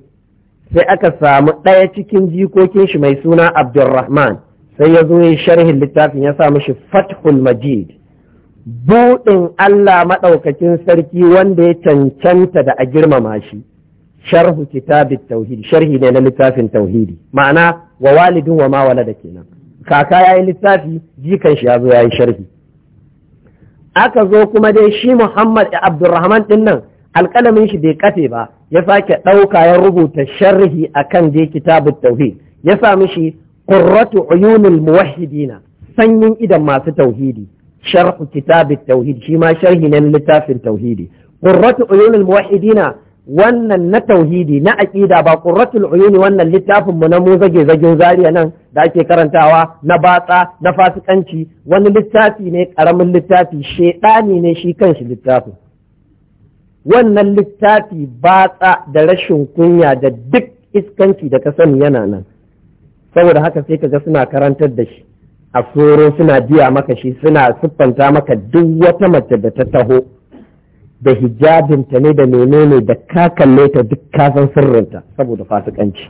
A: sai aka samu ɗaya cikin jikokin shi mai suna abdulrahman sai ya zo ya sharhin littafin ya sa shi fathul majid buɗin Allah maɗaukakin sarki wanda ya cancanta da a girmama shi sharhu kitabit tauhidi sharhi ne na littafin tauhidi ma'ana wa walidin wa mawala da kenan kaka yayi littafi jikan shi ya zo yayi sharhi aka zo kuma dai shi Muhammad Abdulrahman din nan alƙalamin shi bai kafe ba ya sake ɗauka ya rubuta sharhi akan je kitabut tauhid ya sa mishi qurratu uyunil muwahhidina sanyin idan masu tauhidi sharhu kitabut tauhid shi ma sharhi ne littafin tauhidi ƙurratu uyunil muwahhidina wannan na tauhidi na aƙida ba qurratul uyuni wannan littafin mu na mu zage zagin zariya nan da ake karantawa na batsa na fasikanci wani littafi ne ƙaramin littafi shedani ne shi kanshi littafin wannan littafi batsa da rashin kunya da duk iskanci da ka sani yana nan saboda haka sai ka ga suna karantar da shi a tsoro suna biya maka shi suna siffanta maka duk wata mace da ta taho da hijabinta ne da menene da ka kalle ta duk kasan sirrinta saboda fasikanci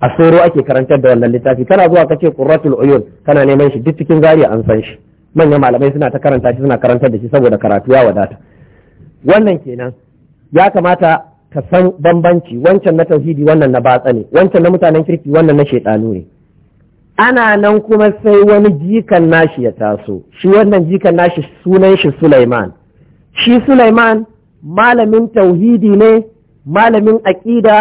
A: a tsoro ake karantar da wannan littafi kana zuwa kace qurratul uyun kana neman shi duk cikin gari an san shi manyan malamai suna ta karanta shi suna karantar da shi saboda karatu ya wadata wannan kenan ya kamata ka san bambanci wancan na tauhidi wannan na batsa ne wancan na mutanen kirki wannan na shaidanu ne ana nan kuma sai wani jikan nashi ya taso shi wannan jikan nashi sunan shi Sulaiman shi Sulaiman malamin tauhidi ne malamin aƙida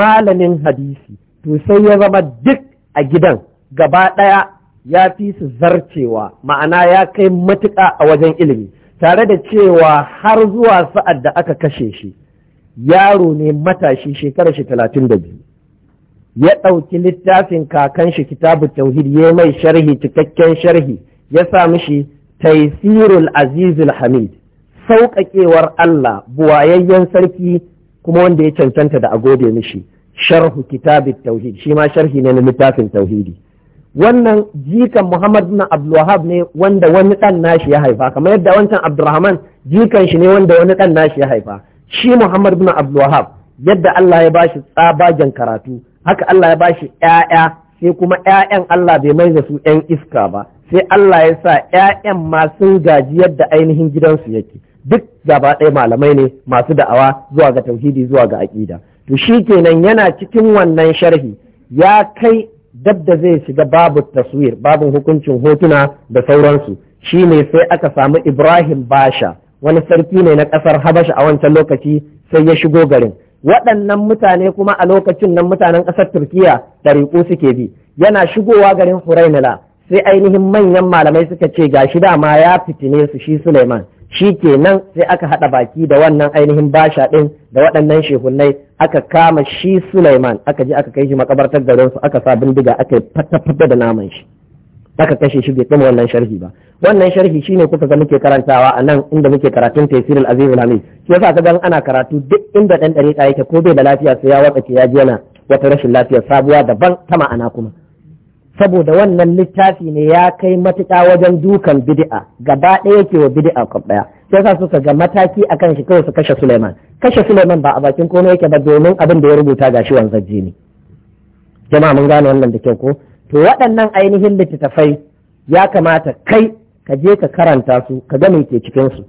A: malamin hadisi to sai ya zama duk a gidan gaba ɗaya ya fi su zarcewa ma'ana ya kai matuƙa a wajen ilimi tare da cewa har zuwa sa'ad da aka kashe shi yaro ne matashi shekarar shi talatin da biyu ya ɗauki littafin kakan shi kitabu tauhid ya mai sharhi cikakken sharhi ya sa mishi taisirul azizul hamid sauƙaƙewar Allah buwayayyen sarki kuma wanda ya cancanta da agode mishi sharhu kitabu tauhid shi ma sharhi ne na littafin tauhidi wannan jikan Muhammad bin Abdulwahab ne wanda wani ɗan nashi ya haifa kamar yadda wancan Abdurrahman jikan shi ne wanda wani ɗan nashi ya haifa shi Muhammad bin Abdulwahab yadda Allah ya bashi tsabagen karatu haka Allah ya bashi 'ya'ya sai kuma ƴaƴan Allah bai mai da su ƴan iska ba sai Allah ya sa ƴaƴan ma sun gaji yadda ainihin gidansu yake duk gaba ɗaya malamai ne masu da'awa zuwa ga tauhidi zuwa ga aƙida to shi kenan yana cikin wannan sharhi ya kai dab zai shiga babu taswir babu hukuncin hotuna da sauransu shine sai aka samu ibrahim basha wani sarki ne na ƙasar habasha a wancan lokaci sai ya shigo garin waɗannan mutane kuma a lokacin nan mutanen ƙasar turkiya ɗariƙu suke bi yana shigowa garin hurainala sai ainihin manyan malamai suka ce gashi dama ya fitine su shi suleiman shi kenan sai aka haɗa baki da wannan ainihin basha ɗin da waɗannan shehunai aka kama shi Sulaiman aka je aka kai shi makabartar garin su aka sa bindiga aka fata fata da naman shi aka kashe shi bai kuma wannan sharhi ba wannan sharhi shine kuka ga muke karantawa a nan inda muke karatun tafsir al-aziz al-hamid shi yasa ka gan ana karatu duk inda dan dare yake ko bai da lafiya sai ya watsa ya ji yana wata rashin lafiya sabuwa daban ta ma'ana kuma saboda wannan littafi ne ya kai matuƙa wajen dukan bid'a gaba ɗaya ke wa bid'a kwa ɗaya sai sa suka ga mataki a kan shi kawai su kashe Suleiman kashe Suleiman ba a bakin komai yake ba domin abin da ya rubuta shi wanzar jini jama'a mun gane wannan da kyau ko to waɗannan ainihin littattafai ya kamata kai ka je ka karanta su ka ga me ke cikin su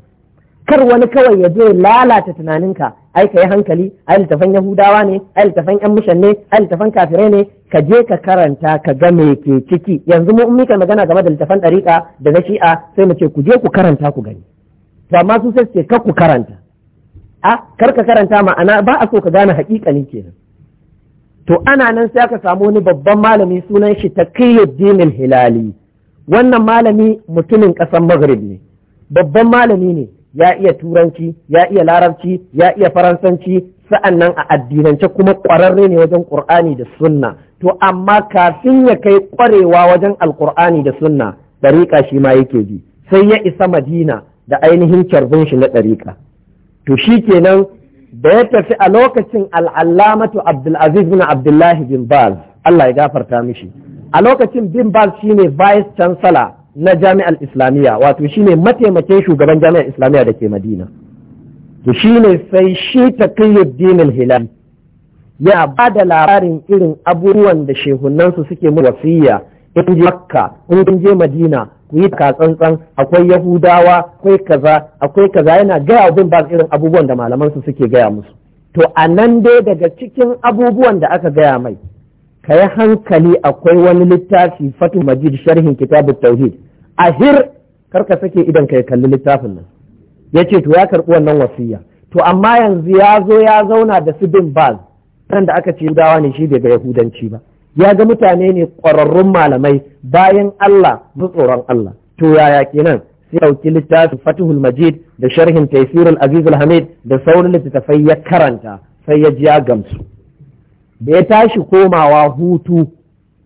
A: kar wani kawai ya je lalata tunaninka ai ka yi hankali ai littafan yahudawa ne ai littafan yan mishan ne ai littafan kafirai ne ka je ka karanta ka ga me ke ciki yanzu mu muka magana game da littafan ɗariƙa da na shi'a sai mu ce ku je ku karanta ku gani to amma su sai ce kar ku karanta a kar ka karanta ma'ana ba a so ka gane haƙiƙani kenan to ana nan sai aka samu wani babban malami sunan shi taqiyuddin hilali wannan malami mutumin kasan maghrib ne babban malami ne ya iya turanci ya iya larabci ya iya faransanci sa'annan a addinance kuma ƙwararre ne wajen ƙur'ani da sunna to amma kafin ya kai ƙwarewa wajen alƙur'ani da sunna ɗariƙa shi ma yake bi sai ya isa madina da ainihin kyarbin shi na ɗariƙa to shi kenan da ya tafi a lokacin al'allamatu abdulaziz bin abdullahi bin baz Allah ya gafarta mishi a lokacin bin baz shine vice chancellor na jami'ar islamiyya wato shine mataimakin shugaban jami'ar islamiyya da ke madina to shine sai shi taqiyuddin al-hilal ya ba da labarin irin abubuwan da shehunansu suke mu wasiya in je makka in je madina ku yi tsantsan akwai yahudawa akwai kaza akwai kaza yana gaya bin ba irin abubuwan da malaman su suke gaya musu to a nan dai daga cikin abubuwan da aka gaya mai kayi hankali akwai wani littafi fatu majid sharhin kitabu tauhid ahir karka sake idan ka kalli littafin nan ya ce to ya karɓi wannan wasiya to amma yanzu ya zo ya zauna da su bin baz nan da aka ce Yahudawa ne shi bai ga Yahudanci ba ya ga mutane ne ƙwararrun malamai bayan Allah da tsoron Allah to yaya kenan sai ɗauki littafin Fatihul Majid da sharhin taifirul Azizul Hamid da sauran littattafai ya karanta sai ya ji ya gamsu da ya tashi komawa hutu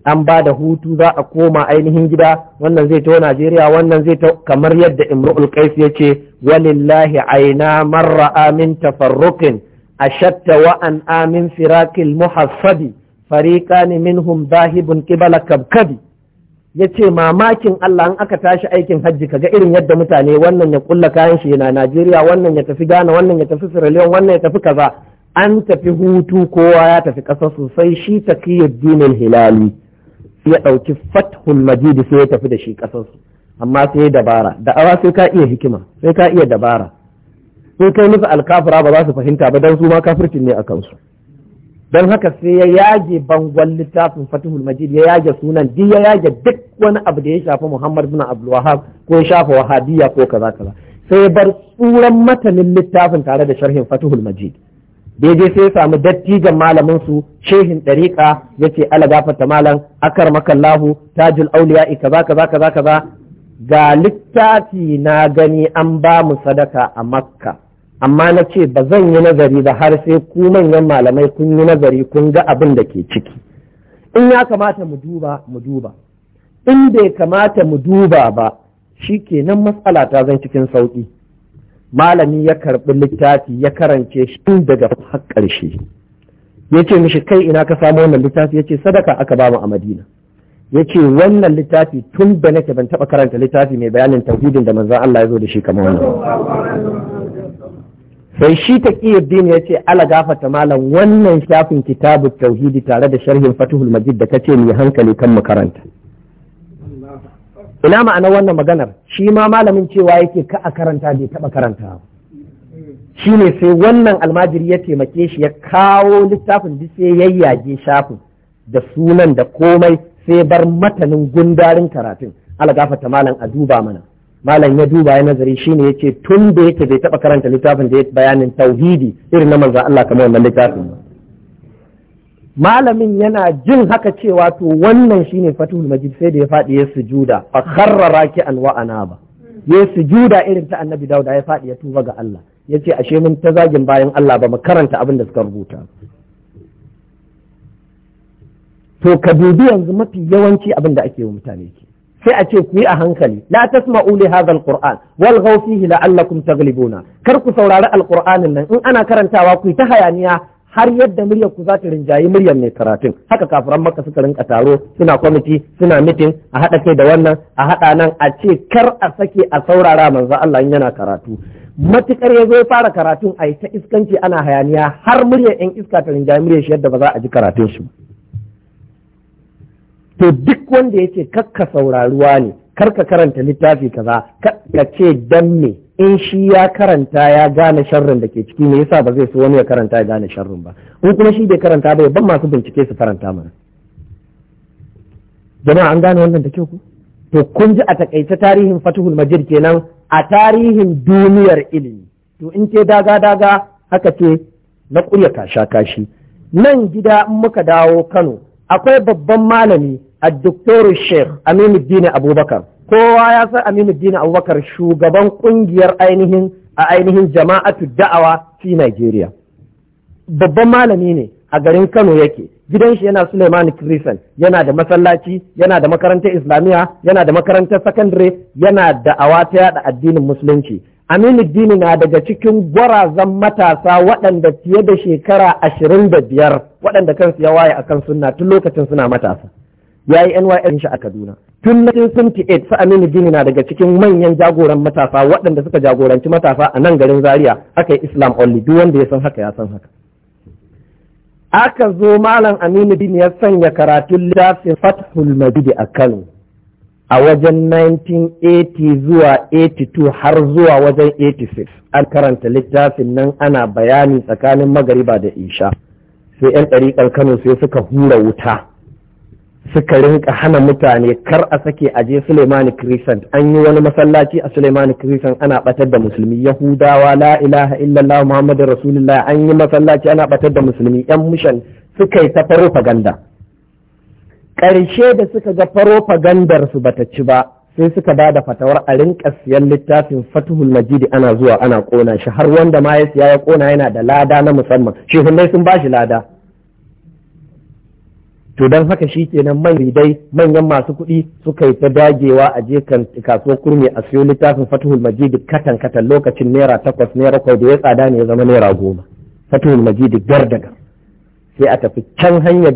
A: an ba da hutu za a koma ainihin gida wannan zai taho Najeriya wannan zai taho kamar yadda Imrul Qais yace walillahi aina marra amin tafarruqin ashatta wa an amin firakil muhassabi fariqan minhum zahibun qibala kabkabi yace mamakin Allah in aka tashi aikin hajji kaga irin yadda mutane wannan ya kulla kayan shi na Najeriya wannan ya tafi Ghana wannan ya tafi Sierra Leone wannan ya tafi kaza an tafi hutu kowa ya tafi ƙasa sosai shi taqiyuddin hilali ya ɗauki fathul majid sai ya tafi da shi ƙasarsu amma sai dabara da awa sai ka iya hikima sai ka iya dabara sai kai musu alkafira ba za su fahimta ba don su ma kafircin ne a kansu don haka sai ya yage bangon littafin fatihul majid ya yage sunan duk ya yage duk wani abu da ya shafi muhammad bin abdulwahab ko ya shafa wahabiyya ko kaza kaza sai ya bar tsuran matanin littafin tare da sharhin fatihul majid daidai sai ya samu dattijan malamin su shehin dariqa yace ala gafata malam akar makallahu tajul auliya kaza kaza kaza kaza ga littafi na gani an ba mu sadaka a makka amma na ce ba zan yi nazari ba har sai ku manyan malamai kun yi nazari kun ga abin da ke ciki in ya kamata mu duba mu duba in bai kamata mu duba ba shi kenan matsala ta zan cikin sauki malami ya karɓi littafi ya karance shi tun daga har ƙarshe ya ce mishi kai ina ka samu wannan littafi ya ce sadaka aka bamu a madina ya ce wannan littafi tun da nake ban taɓa karanta littafi mai bayanin tauhidin da manzan Allah ya zo da shi kamar wannan sai shi ta ƙiyaddin ya ce ala gafata malam wannan shafin kitabu tauhidi tare da sharhin fatuhul majid da ce mai hankali kan mu karanta ina ma'anar wannan maganar shi ma malamin cewa yake ka a karanta bai taba karanta shi ne sai wannan almajiri ya taimake shi ya kawo littafin duk sai yayyage shafin da sunan da komai sai bar matanin gundarin karatun algafata malam a duba mana malam ya duba ya nazari shi ne ya ce tun da yake bai taba karanta littafin da ya bayanin tauhidi irin na manzo Allah kamar wannan littafin malamin yana jin haka cewa to wannan shine fatul majid sai da ya faɗi ya sujuda fa ki an wa ba. ya sujuda irin ta annabi dawud ya faɗi ya tuba ga Allah yace ashe mun ta zagin bayan Allah ba mu karanta abin da suka rubuta to ka yanzu mafi yawanci abin da ake wa mutane ke sai a ce ku yi a hankali la tasma'u li hadha alquran wal ghawfihi la'allakum taghlibuna kar ku saurari alqur'anin nan in ana karantawa ku ta hayaniya har yadda muryar ku za ta rinjayi muryar mai karatun haka kafiran maka suka rinka taro suna kwamiti suna mitin a haɗa kai da wannan a haɗa nan a ce kar a sake a saurara manzo Allah yana karatu matukar ya zo ya fara karatun a ta iskanci ana hayaniya har muryar yan iska ta rinjayi muryar shi yadda ba za a ji karatun shi to duk wanda ya ce kakka sauraruwa ne kar ka karanta littafi kaza ka ce dan me in shi ya karanta ya gane sharrin da ke ciki me yasa ba zai so wani ya karanta ya gane sharrin ba in kuma shi bai karanta ba ban masu bincike su faranta mana jama'a an gane wannan da kyau ku to kun ji a takaice tarihin fatihul majid kenan a tarihin duniyar ilimi to in ce daga daga haka ce na ƙurya kasha kashi nan gida in muka dawo Kano akwai babban malami a doktoru Sheikh Aminu Dini Abubakar kowa ya san Aminu Dina Abubakar shugaban ƙungiyar ainihin a ainihin jama'atu da'awa fi Najeriya babban malami ne a garin Kano yake gidan shi yana Suleiman Christian yana da masallaci yana da makarantar Islamiyya yana da makarantar sakandare yana da ta yada addinin musulunci Aminu Dini na daga cikin gwarazan matasa waɗanda fiye da shekara ashirin da biyar waɗanda kansu ya waye a kan sunna tun lokacin suna matasa ya yi NYS shi a Kaduna. Tun na 1978 su Aminu Gini na daga cikin manyan jagoran matasa waɗanda suka jagoranci matasa a nan garin Zaria aka yi Islam only duk wanda ya san haka ya san haka. Aka zo Malam Aminu Gini ya sanya karatun littafin Fathul Madidi a Kano a wajen 1980 zuwa 82 har zuwa wajen 86 an karanta littafin nan ana bayani tsakanin magariba da isha sai 'yan ɗariƙar Kano sai suka hura wuta. suka rinka hana mutane kar a sake a je Suleimani Crescent an yi wani masallaci a Suleimani Crescent ana batar da musulmi Yahudawa la ilaha illallah Muhammadu Rasulullah an yi masallaci ana batar da musulmi yan mushan suka yi ta propaganda ƙarshe da suka ga propagandar su bata ci ba sai suka ba da fatawar a rinka siyan littafin Fathul Majid ana zuwa ana kona shi har wanda ma ya siya ya kona yana da lada na musamman shehunai sun bashi lada to don haka shi kenan man ridai manyan masu kuɗi suka yi ta dagewa a je kasuwar kurmi a siyo littafin fatihul majidi katan katan lokacin naira takwas naira kwai da ya tsada ne ya zama naira goma fatihul majidi gardaga sai a tafi can hanyar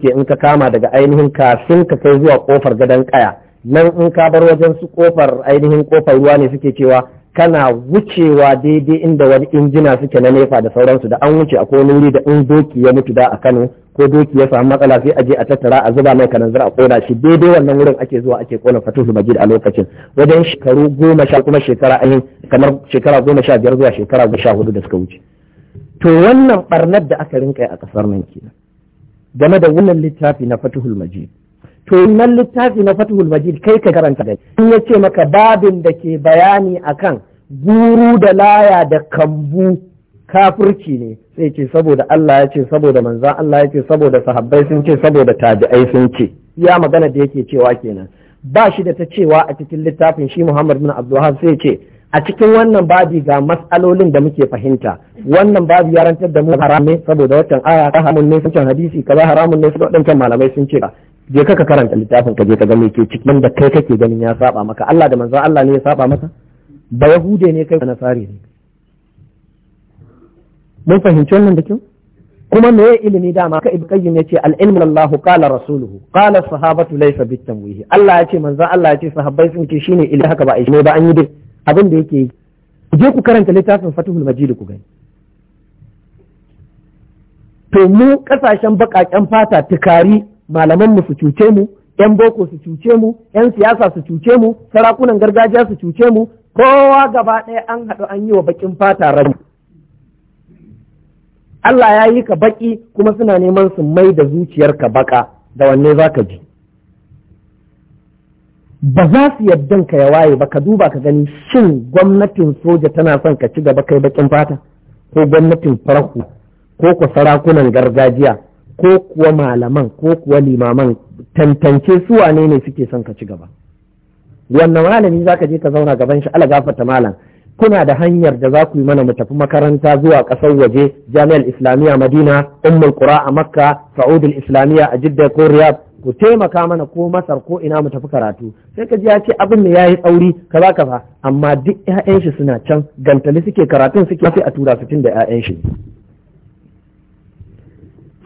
A: ke in ka kama daga ainihin kafin ka kai zuwa kofar gadon kaya nan in ka bar wajen su kofar ainihin kofar ruwa ne suke cewa kana wucewa daidai inda wani injina suke na nefa da sauransu da an wuce a wani wuri da in doki ya mutu da a kano ko doki ya samu matsala sai a je a tattara a zuba mai kananzir a kona shi daidai wannan wurin ake zuwa ake kona fatuhu majid a lokacin wajen shekaru goma sha kuma shekara ainihin kamar shekara goma sha biyar zuwa shekara goma sha hudu da suka wuce to wannan barnar da aka rinka a kasar nan kenan game da wannan littafi na fatuhul majid to wannan littafi na fatuhul majid kai ka karanta da in ya ce maka babin da ke bayani akan guru da laya da kambu kafirci ne sai ce saboda Allah ya ce saboda manzan Allah ya ce saboda sahabbai sun ce saboda tabi'ai sun ce ya magana da yake cewa kenan ba shi da ta cewa a cikin littafin shi Muhammad bin Abdulwahab sai ce a cikin wannan babi ga matsalolin da muke fahimta wannan babi ya rantar da mu harame saboda watan aya ta haramun ne sun hadisi kaza haramun ne sun wadancan malamai sun ce je ka karanta littafin ka je ka ga me ke ciki da kai kake ganin ya saba maka Allah da manzan Allah ne ya saba maka ba yahude ne kai nasari ne mun fahimci wannan da kyau kuma me ilimi dama ka ibn qayyim yace al ilmu Allah qala rasuluhu qala sahabatu laysa bit tanwihi Allah yace manzo Allah yace sahabbai sun ce shine ilimi haka ba a ne ba an yi dai abin da yake yi je ku karanta littafin Fatihul Majid ku gani to mu kasashen bakaken fata tukari malaman mu su cuce mu yan boko su cuce mu yan siyasa su cuce mu sarakunan gargajiya su cuce mu kowa gaba ɗaya an haɗu an yi wa bakin fata rabu Allah ya yi ka baƙi kuma suna neman su mai da zuciyarka baƙa, da wanne za ka ji ba za su yardan ka ya waye ba ka duba ka gani shin gwamnatin soja tana son ka ci gaba kai baƙin fata ko gwamnatin farko ko ku sarakunan gargajiya ko kuwa malaman ko kuwa limaman tantance su wane ne suke son ka ci gaba wannan malami za ka je ka zauna gaban shi ala gafata malam kuna da hanyar da za ku yi mana mu tafi makaranta zuwa ƙasar waje jami'ar islamiyya madina ummul qura a makka sa'udul islamiyya a jidda ko Riyab? ku taimaka mana ko masar ko ina mu tafi karatu sai ka ji ya ce abin da yayi tsauri kaza fa amma duk ƴaƴan shi suna can gantali suke karatun suke sai a tura su tun da ƴaƴan shi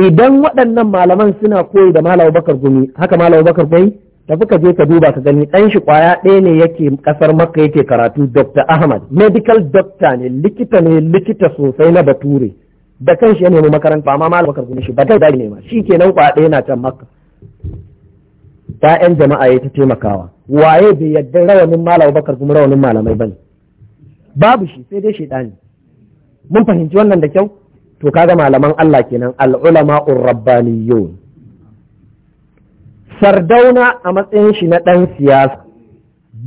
A: idan waɗannan malaman suna koyi da malam bakar gumi haka malam bakar bai tafi ka je ka duba ka gani ɗan shi kwaya ɗaya ne yake ƙasar makka yake karatu dr ahmad medical doctor ne likita ne likita sosai na bature da kan shi ya nemi makaranta amma malam bakar kuma shi ba dai ne ma shi kenan kwaya ɗaya na can makka 'yan jama'a ya ta taimakawa waye bai yadda rawanin malam bakar gumi rawanin malamai bane babu shi sai dai shaidani mun fahimci wannan da kyau to kaga malaman Allah kenan al ur rabbaniyun sardauna a matsayin shi na ɗan siyasa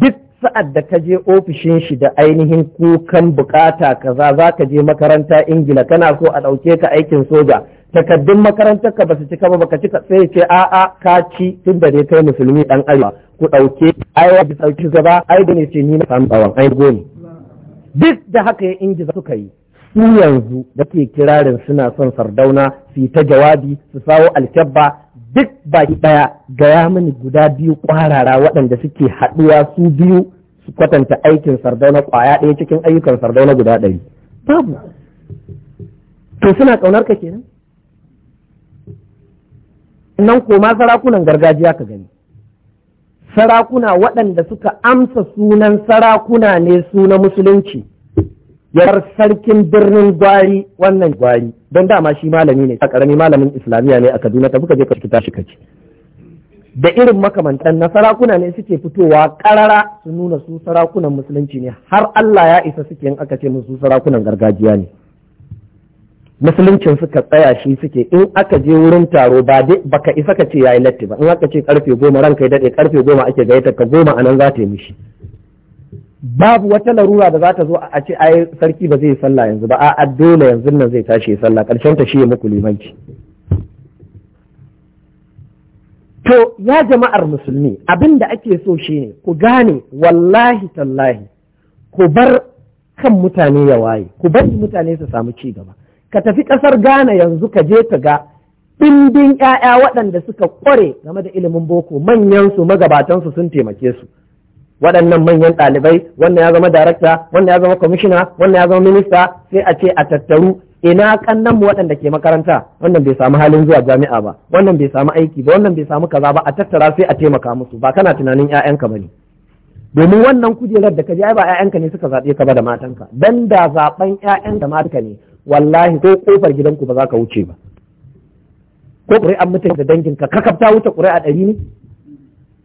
A: duk sa'ad da ka je ofishin shi da ainihin kukan bukata kaza za ka je makaranta ingila kana so a ɗauke ka aikin soja takaddun makarantar ka ba su cika ba baka cika sai ce a'a ka ci tun da dai kai musulmi dan arewa ku ɗauke ai wa bi sauki gaba ai da ne ce ni na samu tsawon ai goni duk da haka ya ingiza suka yi su yanzu da ke kirarin suna son sardauna su yi ta jawabi su sawo alkyabba duk baki ɗaya gaya mini guda biyu ƙwarara waɗanda suke haɗuwa su biyu su kwatanta aikin sardauna ƙwaya ɗaya cikin ayyukan sardauna guda ɗari babu to suna ƙaunar ka kenan nan koma sarakunan gargajiya ka gani sarakuna waɗanda suka amsa sunan sarakuna ne sunan musulunci yar sarkin birnin gwari wannan gwari don dama shi malami ne karami malamin islamiyya ne a kaduna ta buka je ka kita shi kaci da irin makamantan na sarakuna ne suke fitowa karara su nuna su sarakunan musulunci ne har Allah ya isa suke in aka ce musu sarakunan gargajiya ne musuluncin suka tsaya shi suke in aka je wurin taro ba dai baka isa ka ce yayi latti ba in aka ce karfe goma ranka ya dade karfe goma ake gaita ka goma anan za ta yi mishi babu wata larura da za ta zo a ce ai sarki ba zai yi sallah yanzu ba a dole yanzu nan zai tashi ya sallah karshen ta shi ya muku limanci to ya jama'ar musulmi abin da ake so shine ku gane wallahi tallahi ku bar kan mutane ya waye ku bar mutane su samu ci gaba ka tafi kasar gana yanzu ka je ka ga dindin 'ya'ya waɗanda suka ƙware game da ilimin boko manyansu magabatansu sun taimake su waɗannan manyan ɗalibai wannan ya zama darakta wannan ya zama kwamishina wannan ya zama minista sai a ce a tattaru ina kannan mu waɗanda ke makaranta wannan bai samu halin zuwa jami'a ba wannan bai samu aiki ba wannan bai samu kaza ba a tattara sai a taimaka musu ba kana tunanin ƴaƴanka bane domin wannan kujerar da ka ji ai ba ƴaƴanka ne suka zaɓe ka ba da matanka dan da zaɓen ƴaƴan da matanka ne wallahi ko kofar gidanku ba za ka wuce ba ko ƙuri'an mutane da danginka ka kafta wuce ƙuri'a ɗari ne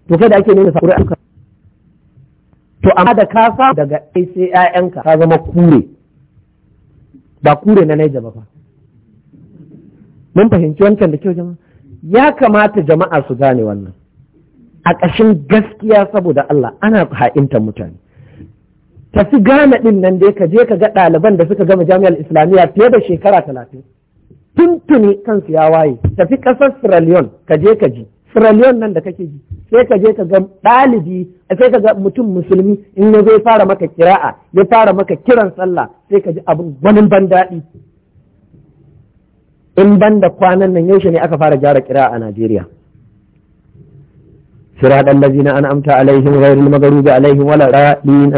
A: to kai da ake nuna sa ƙuri'a to amma da ka samu daga sai yayanka ka zama kure ba kure na naija ba mun fahimci wancan da kyau jama'a ya kamata jama'a su gane wannan a ƙashin gaskiya saboda Allah ana ha'intar mutane tafi gane ɗin nan dai ka je ka ga ɗaliban da suka gama jami'ar islamiyya fiye da shekara talatin tuntuni kansu ya waye tafi ƙasar sierra leone ka je ka ji Sierra nan da kake ji sai ka je ka ga ɗalibi sai ka ga mutum musulmi in ya zai fara maka kira'a ya fara maka kiran sallah sai ka ji abin gwanin ban daɗi in ban da kwanan nan yaushe ne aka fara gyara kira'a a Najeriya صراط الذين انعمت عليهم غير magaru عليهم ولا Wala, امين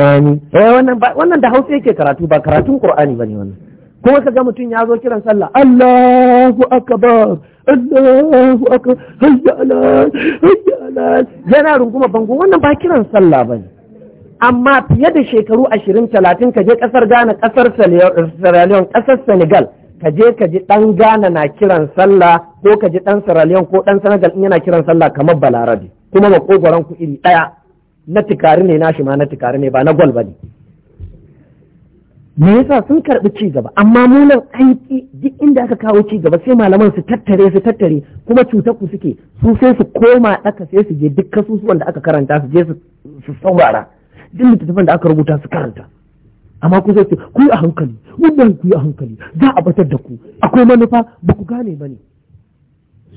A: eh wannan wannan da Hausa yake karatu ba karatun ba ne wannan kuma ga mutum ya zo kiran sallah Allahu akbar Allahu akbar hayya ala hayya ala yana runguma bango wannan ba kiran sallah bane amma fiye da shekaru ashirin talatin ka je kasar Ghana kasar Sierra Leone kasar Senegal ka je ka ji dan Ghana na kiran sallah ko ka ji dan Sierra Leone ko dan Senegal in yana kiran sallah kamar Balarabe kuma makogoran ku iri daya na tikari ne nashi ma na tikari ne ba na gwal ne. me yasa sun karɓi ci gaba amma mu nan aiki, duk inda aka kawo ci gaba sai malaman su tattare su tattare kuma cutar ku suke su sai su koma ɗaka sai su je duk kasusuwan da aka karanta su je su saurara duk littattafan da aka rubuta su karanta amma ku sai ku yi a hankali wannan ku yi a hankali za a batar da ku akwai manufa ba ku gane ba ne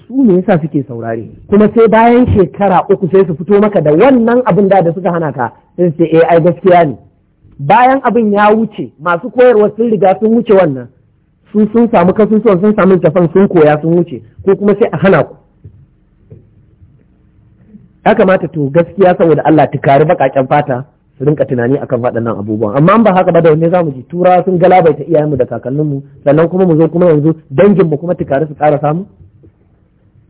A: su me yasa suke saurare kuma sai bayan shekara uku sai su fito maka da wannan abin da suka hana ka sai su ce eh, ai gaskiya ne bayan abin ya wuce masu koyarwa sun riga sun wuce wannan sun sun samu kasusuwan sun samu tafan sun koya sun wuce ko kuma sai a hana ku ya kamata to gaskiya saboda Allah tukari bakaƙen fata su rinka tunani akan waɗannan abubuwan amma ba haka ba da wani zamu ji turawa sun galabaita iyayenmu da kakanninmu sannan kuma mu zo kuma yanzu mu kuma tukari su ƙara samu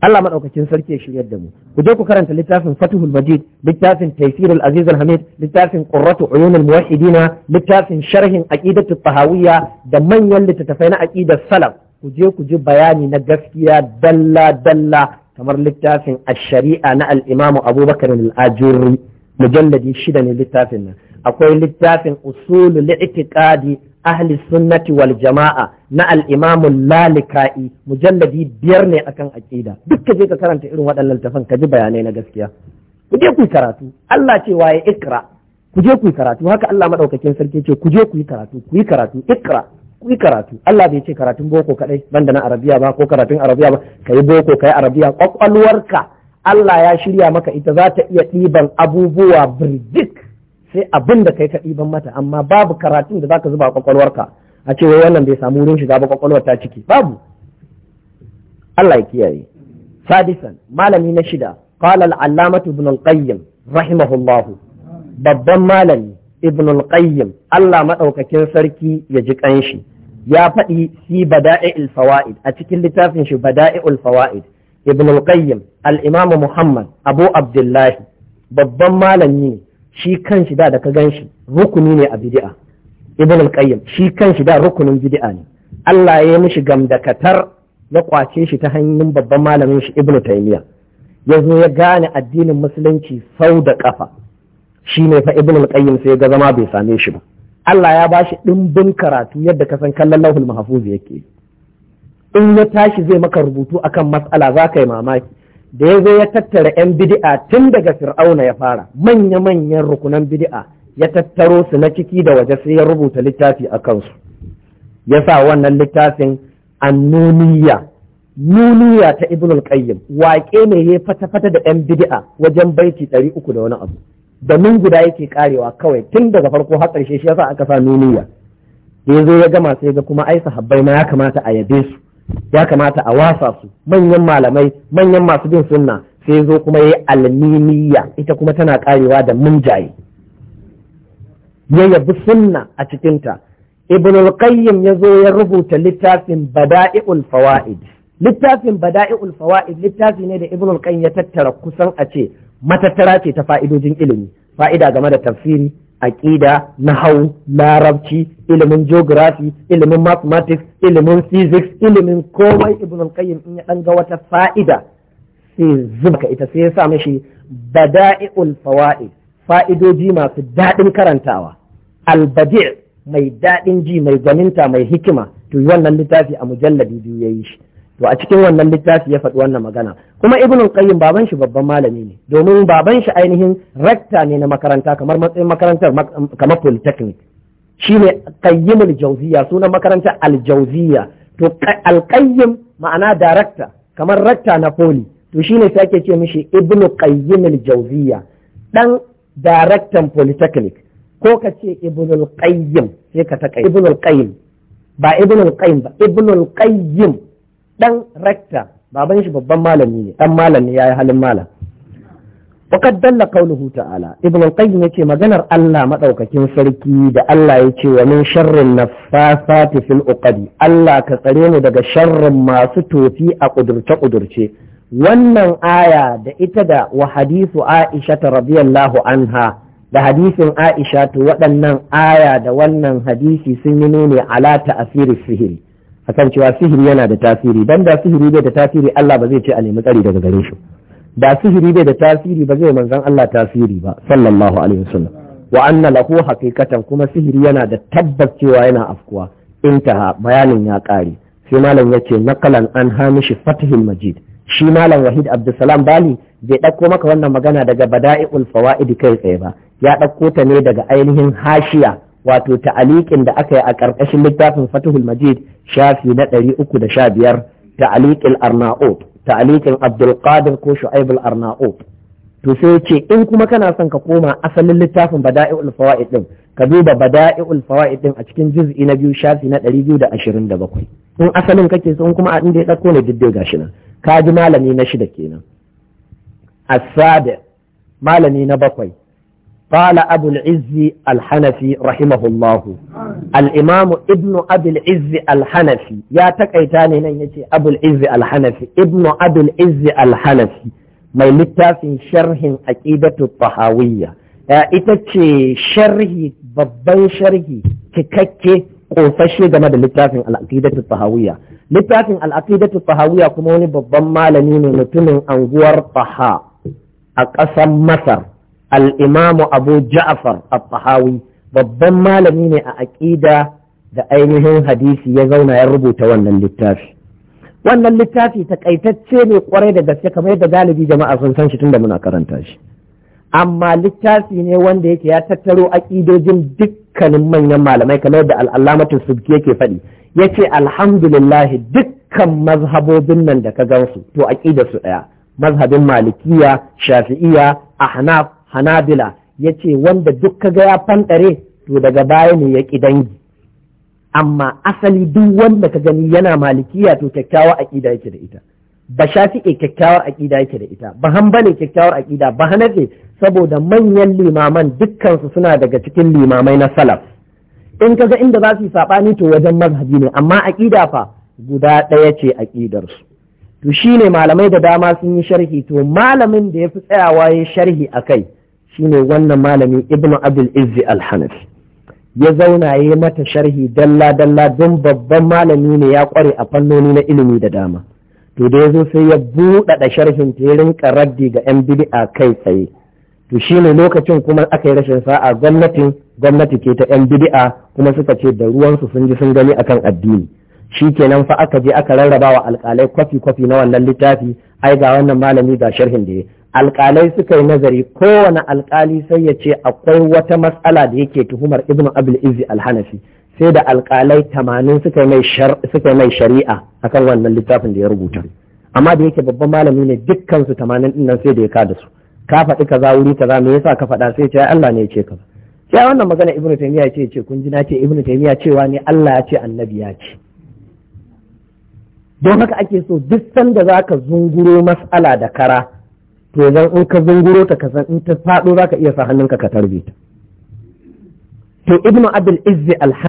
A: Allah maɗaukacin sarki ya shirya da mu ku je ku karanta littafin Fathul Majid littafin Tafsir al-Aziz al-Hamid littafin Qurratu Uyun al-Muwahhidina littafin Sharhin Aqidatu Tahawiyya da manyan littattafai na aqidar salaf ku je ku ji bayani na gaskiya dalla dalla kamar littafin Ash-Shari'a na al-Imam Abubakar al-Ajurri mujalladi shida ne littafin nan akwai littafin Usul al ahli sunnati wal jama'a na al-imam al-lalikai mujalladi biyar ne akan aqida duk kaje ka karanta irin waɗannan tafan kaji bayanai na gaskiya ku je ku karatu Allah ce waye ikra ku je ku karatu haka Allah madaukakin sarki ce ku je ku karatu ku yi karatu ikra ku yi karatu Allah bai ce karatun boko kadai banda na arabiya ba ko karatun arabiya ba kai boko kai arabiya kwakwalwarka Allah ya shirya maka ita za ta iya ɗiban abubuwa birjik sai abin da kai ka ɗiban mata amma babu karatun da zaka zuba kwakwalwarka a ce wai wannan bai samu wurin shiga ba kwakwalwar ta ciki babu Allah ya kiyaye sadisan malami na shida qala al-allamatu ibn al-qayyim rahimahullahu babban malami ibn al-qayyim Allah madaukakin sarki ya ji kanshi ya faɗi fi bada'i'il fawaid a cikin littafin shi bada'i'ul fawaid ibn al-qayyim al-imam muhammad abu abdullahi babban malami ne shi kanshi da da ka shi rukuni ne a bidi'a, ibn al-qayyim shi kanshi da rukunin bidi'a ne Allah ya yi mishi gamdakatar ya kwace shi ta hanyar babban malamin shi ibn taymiya ya zo ya gane addinin musulunci sau da kafa shi ne fa ibn al-qayyim sai ga zama bai same shi ba Allah ya ba shi dimbin karatu yadda ka san kallon lauhul mahfuz yake in ya tashi zai maka rubutu akan mas'ala za ka yi mamaki da ya zo ya tattara 'yan bidi'a tun daga fir'auna ya fara manya-manyan rukunan bidi'a, ya tattaro su na ciki da waje sai ya rubuta littafi a kansu ya sa wannan littafin annuniya nuniya ta ibn al-qayyim waƙe ne ya fata-fata da 'yan bidi'a wajen baiti ɗari uku da wani abu da nun guda yake ƙarewa kawai tun daga farko har ƙarshe shi yasa aka sa nuniya da ya ya gama sai ga kuma ai sahabbai ma ya kamata a yabe su ya kamata a wasa su manyan malamai manyan masu bin sunna sai zo kuma ya yi alminiya ita kuma tana karewa da munjaye ya yabi sunna a cikinta ibn al-qayyim ya zo ya rubuta littafin bada'i'ul fawaid littafin bada'i'ul fawaid littafi ne da ibn al ya tattara kusan a ce matattara ce ta fa'idojin ilimi fa'ida game da tafsiri aƙida hau larabci ilimin geography ilimin mathematics ilimin physics ilimin komai ibn al-qayyim in ya dan ga wata fa'ida sai zuba ita sai ya sa mashi bada'iul fawaid fa'idoji masu daɗin karantawa albadi mai daɗin ji mai gwaninta mai hikima to wannan littafi a mujalladi biyu ya yi shi to a cikin wannan littafi ya faɗi wannan magana kuma ibnul qayyim baban shi babban malami ne domin baban shi ainihin rekta ne na makaranta kamar matsayin makarantar kamar polytechnic shine qayyimul jawziya sunan makarantar aljawziya to qayyim ma'ana darakta kamar rakta na poli to shine sai ake ce mishi ibnu qayyimul jawziya dan daraktan polytechnic ko ka ce ibnul qayyim sai ka ta ibnul qayyim ba ibnul qayyim ba ibnul qayyim dan rekta baban shi babban malami ne Ɗan malami yayi halin malam وقد دل ta'ala Ibn ابن ya ce maganar Allah: مدوكاكين sarki da Allah ya ce wa min sharrin naffasati fil uqadi Allah ka tsare mu daga sharrin masu tofi a kudurce kudurce wannan aya da ita da wa hadithu Aisha radhiyallahu anha da hadisin Aisha to waɗannan aya da wannan hadisi sun yi nuni ala ta'asiri sihiri akan cewa sihiri yana da tasiri dan da sihiri bai da tasiri Allah ba zai ce a nemi tsari daga gare shi da sihiri bai da tasiri ba zai manzon Allah tasiri ba sallallahu alaihi wasallam wa anna lahu haqiqatan kuma sihiri yana da tabbas cewa yana afkuwa intaha bayanin ya kare sai malam yace nakalan an hamishi fatihul majid shi malam wahid abdulsalam bali bai ɗauko maka wannan magana daga bada'i'ul fawa'id kai tsaye ba ya ɗauko ta ne daga ainihin hashiya wato ta'aliƙin da aka yi a ƙarƙashin littafin Fatihul Majid shafi na ɗari uku da sha biyar ta'aliƙin Arnaud ta'aliƙin Abdulkadir ko Shu'aib Arnaud to sai ce in kuma kana son ka koma asalin littafin Bada'i'ul Fawaid din ka duba Bada'i'ul Fawaid din a cikin juz'i na biyu shafi na ɗari biyu da ashirin da bakwai in asalin kake so in kuma a inda ya ɗauko ne diddai gashi nan ka ji malami na shida kenan as malami na bakwai قال أبو العز الحنفي رحمه الله الإمام ابن أبي العز الحنفي يا تكيتاني نيتي أبو العز الحنفي ابن أبي mai littafin sharhin aqidatu tahawiyya ita ce sharhi babban sharhi cikakke kosashe game da littafin al-aqidatu littafin al-aqidatu kuma wani babban malami ne mutumin anguwar taha a ƙasar masar al'imamu abu ja'afar al-fahawi babban malami ne a aƙida da ainihin hadisi ya zauna ya rubuta wannan littafi wannan littafi takaitacce ne kwarai da gaske kamar yadda galibi jama'a sun san shi tunda muna karanta shi amma littafi ne wanda yake ya tattaro aƙidojin dukkanin manyan malamai kamar yadda al'alamatin subki yake faɗi ya ce alhamdulillah dukkan mazhabobin nan da ka gansu to aƙida su ɗaya mazhabin malikiya shafi'iya ahnaf hanabila ya ce wanda duk kaga ya fanɗare to daga baya ne ya ƙi dangi amma asali duk wanda ka gani yana malikiya to kyakkyawar aƙida yake da ita ba shafi'e kyakkyawar aƙida yake da ita ba bane kyakkyawar aƙida ba hanafi saboda manyan limaman dukkansu suna daga cikin limamai na salaf in ka ga inda za su yi saɓani to wajen mazhabi ne amma aƙida fa guda ɗaya ce aƙidarsu to shine malamai da dama sun yi sharhi to malamin da ya fi tsayawa ya sharhi a kai shine wannan malamin, ibnu abdul izzi al-hanafi ya zauna ya yi mata sharhi dalla dalla don babban malami ne ya kware a fannoni na ilimi da dama to da ya zo sai ya buɗaɗa sharhin ta rinka raddi ga yan bid'a kai tsaye to shine lokacin kuma aka yi rashin sa'a gwamnatin gwamnati ke ta yan bid'a kuma suka ce da ruwansu sun ji sun gani akan addini Shi kenan fa aka je aka rarraba wa alƙalai kwafi kwafi na wannan littafi ai ga wannan malami ga sharhin da ya alƙalai suka yi nazari kowane alƙali sai ya ce akwai wata matsala da yake tuhumar ibnu abul izzi alhanafi sai da alƙalai tamanin suka yi mai shari'a akan wannan littafin da ya rubuta amma da yake babban malami ne dukkan su tamanin din nan sai da ya kada su ka faɗi kaza wuri kaza me yasa ka faɗa sai ce Allah ne ya ce ka sai wannan magana ibnu taymiya ce ce kun ji na ce ibnu taymiya cewa ne Allah ya ce annabi ya ce don haka ake so duk sanda zaka zunguro mas'ala da kara to zan in ka zunguro ta ka san in ta faɗo zaka iya sa hannunka ka tarbe ta to ibnu abdul izzi al